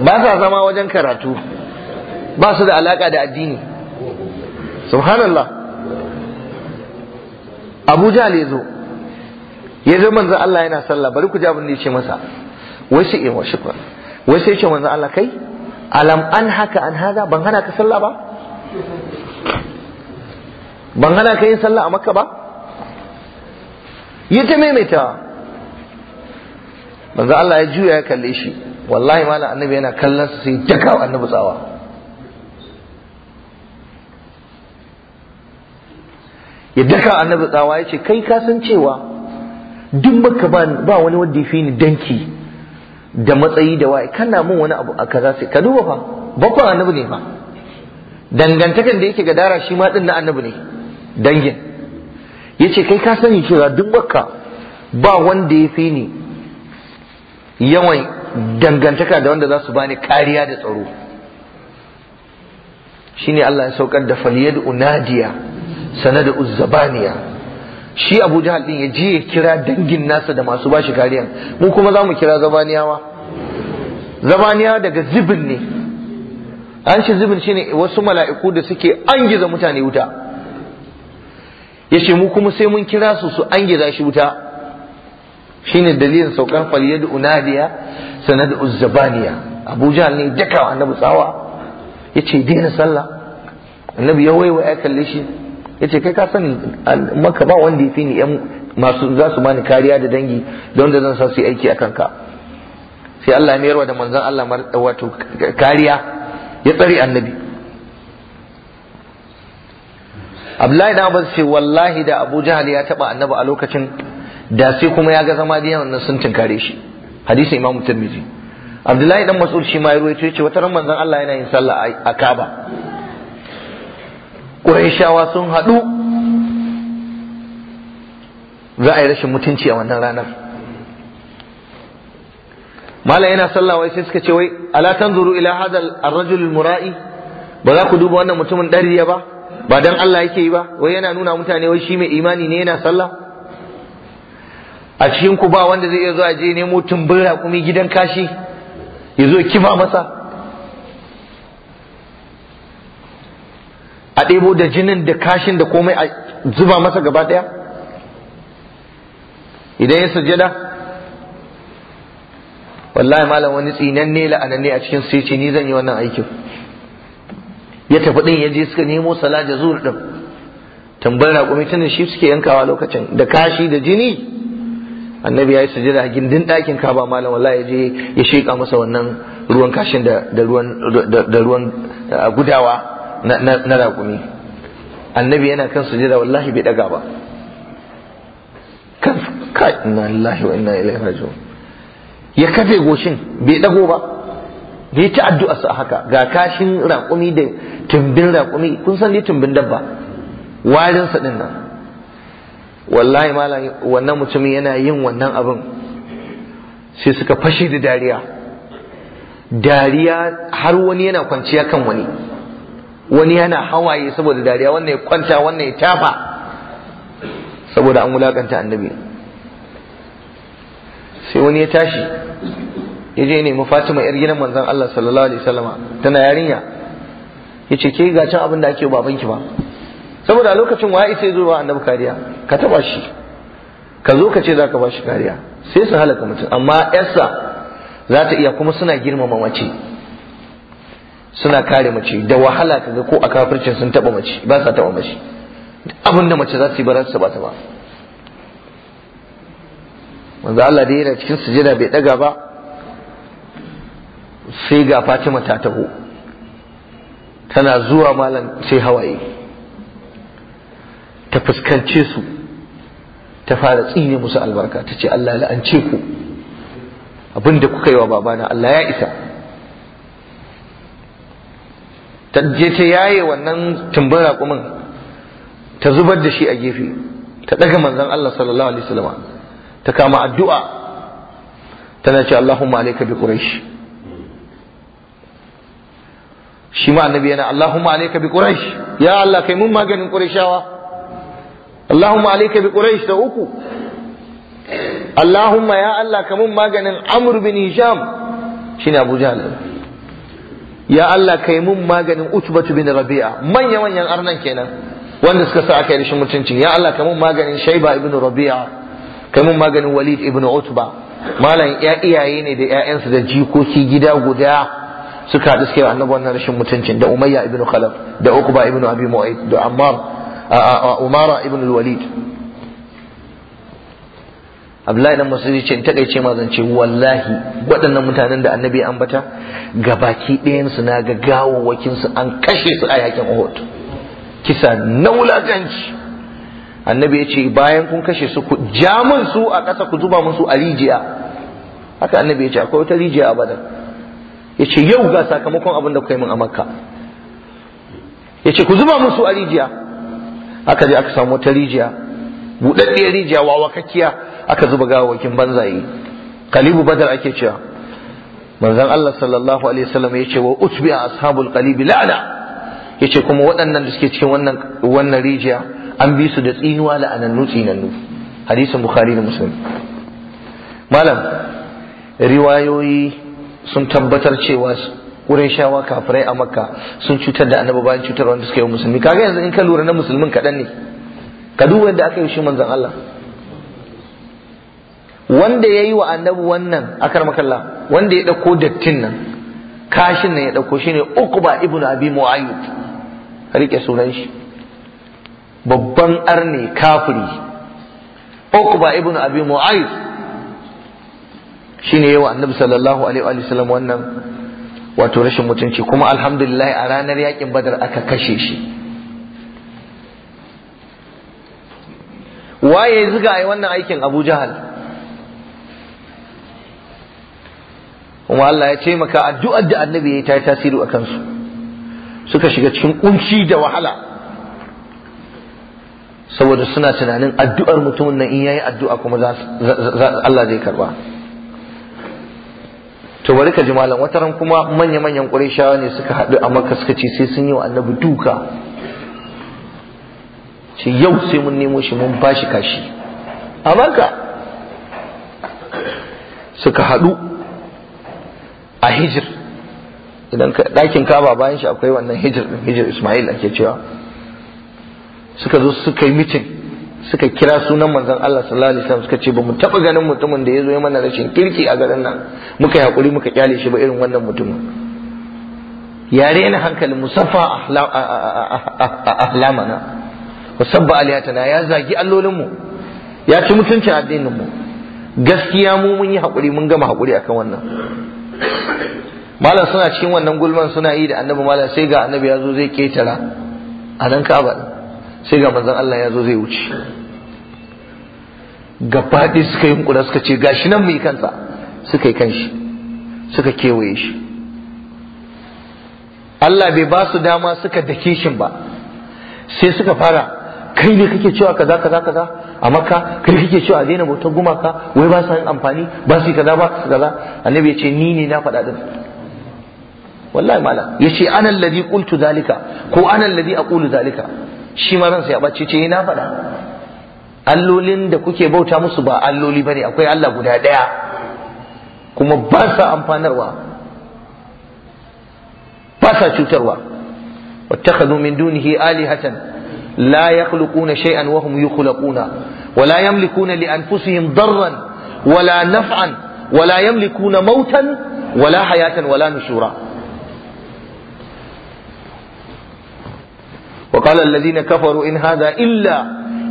ba sa zama wajen karatu ba su da alaka da addini subhanallah abu jahl ya zo ya zo manzo Allah yana sallah bari ku ji abin da ya ce masa wai eh, sai ya washi wai sai ce manzo Allah kai alam an haka an haza ban hana ka sallah ba ban hana ka yin sallah a makka ba yi ta maimaitawa manzo Allah ya juya ya kalle shi wallahi malam annabi yana kallon su sai daka annabi tsawa ya daka annabi tsawa ya ce kai ka san cewa duk baka ba wani wanda ya fi ni danki da matsayi da waye kana mun wani abu a kaza sai ka duba fa bakon annabi ne fa dangantakan da yake gadara shi ma din na annabi ne dangin ya ce kai ka sani cewa duk makka ba wanda ya fi ni yawan dangantaka da wanda za su bani kariya da tsaro shine Allah ya saukar da faliyad unadiya sanad uzzabaniya shi Abu Jahal din ya ji ya kira dangin nasa da masu bashi kariya mu kuma zamu kira zabaniyawa Zabaniya daga zibin ne an shi zibin shine wasu mala'iku da suke angiza mutane wuta ya ce mu kuma sai mun kira su su an gida shi wuta shine dalilin saukan da unadiya sanad uzzabaniya uzabaniya, Abuja ne daka annabi tsawa yace daina sallah annabi ya waiwa ya kalle shi yace kai ka sani maka ba wanda ya fi ni yan masu za su bani kariya da dangi don da zan sa su yi aiki a kanka sai Allah ya mayarwa da manzon Allah wato kariya ya tsare annabi Abdullahi da Abbas ce wallahi da Abu Jahal ya taba annaba a lokacin da sai kuma ya ga zama da yawan sun tinkare shi hadisi Imam Tirmidhi Abdullahi dan masu shi ma ya ruwaito ce wata ran manzon Allah yana yin sallah a Kaaba Qurayshawa sun hadu za a yi rashin mutunci a wannan ranar Malam yana sallah wai sai suka ce wai ala tanzuru ila hadal ar-rajul mura'i ba za ku duba wannan mutumin dariya ba ba dan Allah yake yi ba wai yana nuna mutane wai shi mai imani ne yana sallah a cikin ku ba wanda zai iya zuwa je nemo tumbin raƙumi gidan kashi ya zo kifa masa a ɗebo da jinin da kashin da komai a zuba masa gaba ɗaya idan ya sujada wallahi malam wani tsinanne la'ananne a cikin sai ce ni zan yi wannan aikin ya tafi ɗin ya je suka nemo sala da zuwa din tambayar raƙumi tana shi suke yankawa lokacin da kashi da jini annabi ya yi sujada a gindin ɗakin kaba malam wallahi ya je ya sheka masa wannan ruwan kashin da ruwan gudawa na raƙumi annabi yana kan sujada wallahi bai ɗaga ba kan kai inna lillahi wa inna ilaihi raji'un ya kafe goshin bai ɗago ba da ya ci addu'arsa haka ga kashin raƙumi da tumbin raƙumi kun san dai tumbin dabba warinsa ɗin nan wallahi malam wannan mutumin yana yin wannan abin sai suka fashe da dariya dariya har wani yana kwanciya kan wani wani yana hawaye saboda dariya wannan ya kwanta wannan ya tafa saboda an wulakanta annabi sai wani ya tashi ya je mu Fatima yar gidan manzon Allah sallallahu alaihi wasallama tana yarinya yace ke ga can abin da ake baban ki ba saboda lokacin waye sai zuwa annabi kariya ka taba shi ka zo ka ce za ka bashi kariya sai su halaka mutum amma yarsa za ta iya kuma suna girmama mace suna kare mace da wahala ka ga ko a kafircin sun taba mace ba sa taba mace abin da mace za su yi ba su ba ta ba manzo Allah da yana cikin sujada bai daga ba sai ga fatima ta taho tana zuwa malam sai hawaye ta fuskance su ta fara tsine musu albarka ta ce Allah la'ance ku abinda kuka yi wa babana Allah ya isa ta je ta yaye wannan tumbin raƙumin ta zubar da shi a gefe ta daga manzan Allah sallallahu alaihi wasallam ta kama addu'a tana ce Allahumma ka bi quraish shi ma annabi yana Allahumma alayka bi quraish ya Allah kai mun maganin qurayshawa Allahumma alayka bi quraish da uku Allahumma ya Allah kai mun maganin Amr bin Hisham shine Abu Jahl ya Allah kai mun maganin Utba bin Rabi'a manya manyan arnan kenan wanda suka sa aka yi rashin mutuncin ya Allah kai mun maganin Shayba ibn Rabi'a kai mun maganin Walid ibn Utba malam ya iyaye ne da 'ya'yansu da jikoki gida guda suka haɗu suka yi annabi wannan rashin mutuncin da umayya ibn khalaf da uqba ibn abi mu'ayd da ammar umara ibn al-walid Abdullahi dan Masudi ce ta kaice ma zance wallahi waɗannan mutanen da annabi ambata gabaki ɗayan su na ga gawawwakin su an kashe su a yakin Uhud kisa na wulakanci annabi ya ce bayan kun kashe su ku ja su a ƙasa ku zuba musu a rijiya haka annabi ya ce akwai wata rijiya a badar yace yau ga sakamakon abin da kai min a makka yace ku zuba musu a rijiya aka je aka samu wata rijiya buɗaɗɗiyar rijiya wa wawakakkiya aka zuba gawawakin banzaye kalibu badar ake cewa manzan Allah sallallahu alaihi wasallam ya ce wa utbi ashabul qalibi ya yace kuma waɗannan da suke cikin wannan rijiya an bi su da tsinuwa anannu tsinannu hadisin bukhari da muslim malam riwayoyi sun tabbatar cewa shawa kafirai a makka sun cutar da annabi bayan cutar wanda suka yi musulmi kaga yanzu in ka lura na musulmin kaɗan ne ka duba yadda aka yi shi manzon Allah wanda ya yi wa annabi wannan akar makalla wanda ya dauko dattin nan kashin nan ya dauko shi ne uqba ibnu abi mu'ayyid rike sunan shi babban arne kafiri uqba ibnu abi mu'ayyid shine yawa annabi sallallahu alaihi wa sallam wannan wato rashin mutunci kuma alhamdulillah a ranar yakin badar aka kashe shi waye ya ai wannan aikin abu jahal kuma Allah ya ce maka addu'ar da annabi ya yi ta yi tasiri a kansu suka shiga cikin kunci da wahala saboda suna tunanin addu'ar mutumin nan in yayi addu'a kuma Allah zai karba to bari ka ji malam wata ran kuma manya-manyan ƙurayshawa ne suka haɗu a makka suka ce sai sun yi wa annabi duka ce yau sai mun nemo shi mun bashi kashi a makka suka haɗu a hijir idan dakin kaba bayan shi akwai wannan hijir hijir ismail ake cewa suka zo suka yi mitin suka kira sunan manzon Allah sallallahu alaihi wasallam suka ce ba mu taba ganin mutumin da yazo ya mana rashin kirki a garin nan muka hakuri muka kyale shi ba irin wannan mutumin ya rena hankali musaffa ahlamana musabba aliyatana ya zagi mu, ya ci mutuncin addinin mu gaskiya mu mun yi hakuri mun gama hakuri akan wannan malam suna cikin wannan gulman suna yi da annabi malam sai ga annabi ya zo zai ketara a nan kabar. sai ga manzan Allah ya zo zai wuce gabaɗi suka yi kura suka ce gashi nan mu yi kansa suka yi kanshi suka kewaye shi Allah bai ba su dama suka dake shin ba sai suka fara kai ne kake cewa kaza kaza kaza a maka, kai ne kake cewa zaina bautar gumaka wai ba su yin amfani ba su kaza ba su kaza annabi ya ce ni ne na faɗa din wallahi mala ya ce ana alladhi qultu zalika ko ana alladhi aqulu zalika shi ma ransa ya ɓace ce eh, na faɗa allolin da kuke bauta musu ba alloli ba ne, akwai Allah guda ɗaya kuma ba sa amfanarwa ba sa cutarwa wattakhadhu min dunihi alihatan لا يخلقون شيئا وهم يخلقون ولا يملكون لانفسهم ضرا ولا نفعا ولا يملكون موتا ولا hayatan ولا نشورا وقال الذين كفروا إن هذا إلا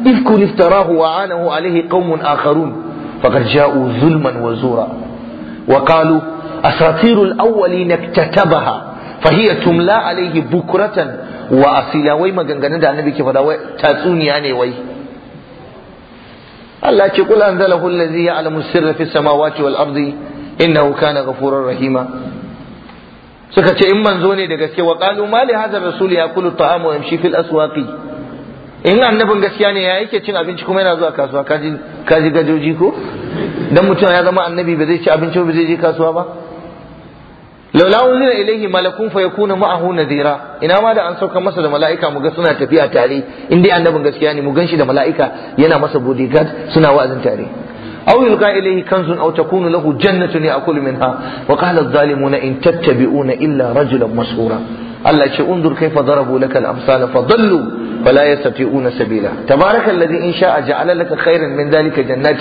إفك افتراه وعانه عليه قوم آخرون فقد جاءوا ظلما وزورا وقالوا أساطير الأولين اكتتبها فهي تملى عليه بكرة وأصيلا وي ما غنغنن ده النبي كفدا وي تاتونيا ne wai Allah ce kul anzalahu allazi ya'lamu sirra fis samawati wal ardi innahu kana ghafurar rahima suka ce in manzo ne da gaske wa kalu ma li hadha rasul yakulu ta'am wa yamshi fil aswaqi in annabin gaskiya ne ya yake cin abinci kuma yana zuwa kasuwa kaji kaji gajoji ko dan mutum ya zama annabi ba zai ci abinci ba zai je kasuwa ba laula unzila ilayhi malakun fa yakuna ma'ahu nadira ina ma da an sauka masa da mala'ika mu suna tafiya tare in dai annabin gaskiya ne mu ganshi da mala'ika yana masa bodyguard suna wa'azin tare أو يلقى إليه كنز أو تكون له جنة يأكل منها وقال الظالمون إن تتبعون إلا رجلا مسحورا الله شيء انظر كيف ضربوا لك الأمثال فضلوا فلا يستطيعون سبيلا تبارك الذي إن شاء جعل لك خيرا من ذلك جنات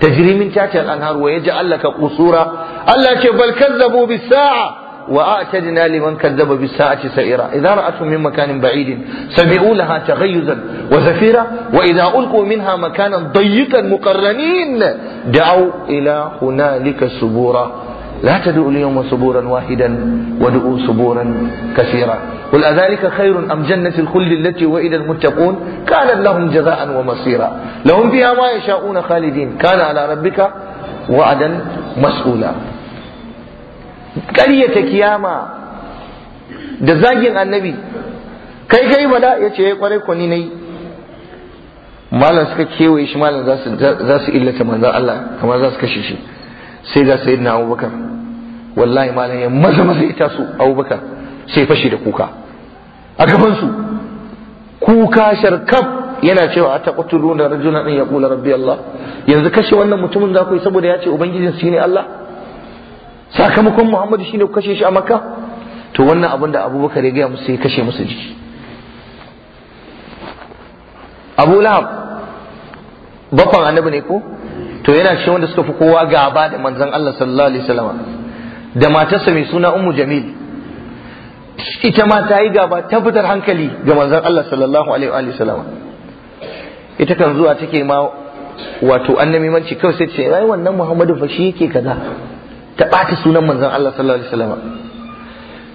تجري من تحتها الأنهار ويجعل لك قصورا الله شيء بل كذبوا بالساعة وأعتدنا لمن كذب بالساعة سئرا إذا رأتهم من مكان بعيد سمعوا لها تغيزا وزفيرا وإذا ألقوا منها مكانا ضيقا مقرنين دعوا إلى هنالك سبورا لا تدعوا اليوم سبورا واحدا ودعوا سبورا كثيرا قل أذلك خير أم جنة الخلد التي وإذا المتقون كانت لهم جزاء ومصيرا لهم فيها ما يشاءون خالدين كان على ربك وعدا مسؤولا ƙaryata kiyama da zagin annabi kai kai bala ya ce ya eh, kwarai kwani na yi malam suka kewaye shi malam za su illata manzan Allah kamar za su kashe shi sai ga sayi na abubakar wallahi malam ya maza maza ya taso abubakar sai fashe da kuka a gabansu kuka sharkaf yana cewa a taƙwatu ruwan da rajulan ɗin ya ƙula rabbi Allah yanzu kashe wannan mutumin za ku yi saboda ya ce ubangijin su ne Allah sakamakon Muhammadu shine ku kashe shi a Makka to wannan abin da Abubakar ya gaya musu ya kashe musu jiki Abu Lahab bakon annabi ne ko to yana shi wanda suka fi kowa gaba da manzon Allah sallallahu alaihi wasallam da matarsa mai suna Ummu Jamil ita ma ta yi gaba ta fitar hankali ga manzon Allah sallallahu alaihi wasallam ita kan zuwa take ma wato annabi manci kawai sai ce ai wannan Muhammadu fa shi yake kaza ta ɓata sunan manzon Allah sallallahu alaihi wasallam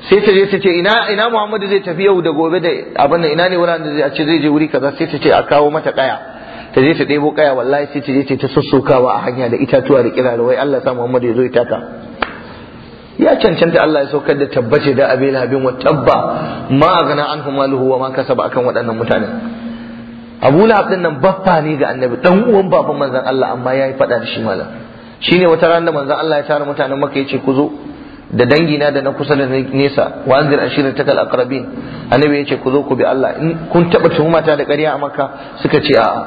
sai ta je ta ce ina ina Muhammadu zai tafi yau da gobe da abin nan ina ne wani da zai ce zai je wuri kaza sai ta ce a kawo mata kaya ta je ta debo kaya wallahi sai ta je ta sassokawa a hanya da itatuwa da kira wai Allah sa Muhammadu ya zo ya taka ya cancanta Allah ya saukar da tabbace da abin habin wa tabba ma gana anhu maluhu wa ma kasaba akan waɗannan mutane Abu Lahab din nan baffa ne ga Annabi dan uwan baban manzon Allah amma yayi fada da shi malam Shi ne wata ranar da manzon Allah ya tara mutanen Makka yace ku zo da na da na kusa da nesa wa anzir ashirata kal aqrabin annabi ce ku zo ku bi Allah in kun taba tuhumata da ƙarya a Makka suka ce a'a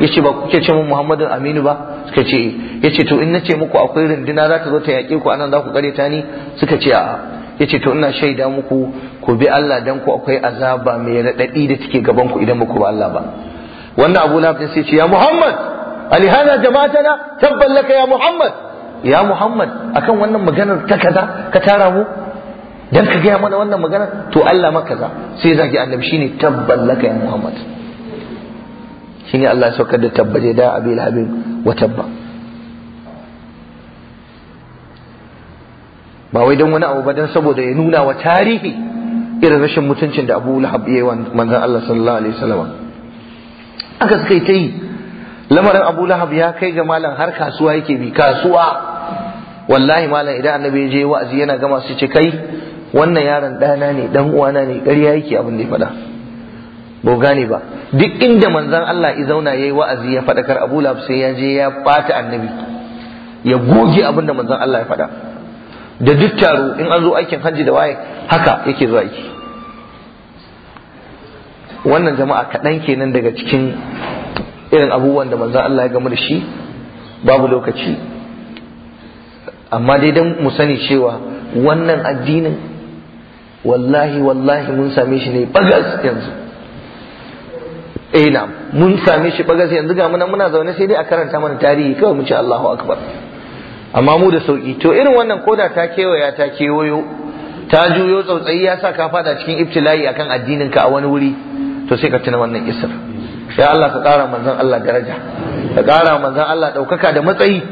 yace ba kuke ce mun Muhammadun Aminu ba suka ce eh yace to in nace muku akwai runduna za ta zo ta yaƙe ku anan za ku ta ni suka ce a'a ce to ina shaida muku ku bi Allah dan ku akwai azaba mai raɗaɗi da take gaban ku idan muku ku ba Allah ba wannan Abu Lahab sai ce ya Muhammad alihada jama'atana tabban laka ya muhammad ya muhammad akan wannan maganar ta kaza ka tara mu dan ka gaya mana wannan maganar to Allah maka za sai zaki annabi shine tabban laka ya muhammad shine Allah ya saukar da tabbaje da abil habib wa tabba ba wai don wani abu ba dan saboda ya nuna wa tarihi irin rashin mutuncin da Abu Lahab yayi manzon Allah sallallahu alaihi wasallam aka suka yi ta yi lamarin abu lahab ya kai ga malam har kasuwa yake bi kasuwa wallahi malam idan annabi ya je wa'azi yana gama su ci kai wannan yaron ɗana ne dan uwana ne ƙarya yake abin da ya faɗa ba gane ba duk inda manzon Allah ya zauna yayi wa'azi ya faɗakar abu lahab sai ya je ya bata annabi ya goge abin da manzon Allah ya faɗa da duk taro in an zo aikin hajji da waye haka yake zuwa aiki wannan jama'a kaɗan kenan daga cikin irin abubuwan da manzan Allah ya gama da shi babu lokaci amma dai dan mu sani cewa wannan addinin wallahi wallahi mun same shi ne bagas yanzu ina eh, mun same shi bagas yanzu ga muna muna zaune sai dai a karanta mana tarihi kawai mu ce Allahu akbar amma mu da sauki to irin wannan koda ta kewaya ta kewayo ta juyo tsautsayi ya sa ka fada cikin ibtila'i akan addinin ka a wani wuri to sai ka tuna wannan isar ya Allah ka ƙara manzan Allah daraja ka ƙara manzan Allah ɗaukaka da matsayi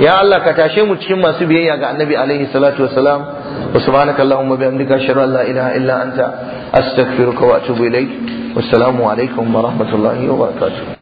ya Allah ka tashe mu cikin masu biyayya ga annabi alaihi salatu wassalam wa subhanaka allahumma bihamdika ashhadu an la ilaha illa anta astaghfiruka wa atubu ilaik wassalamu alaikum wa rahmatullahi wa barakatuh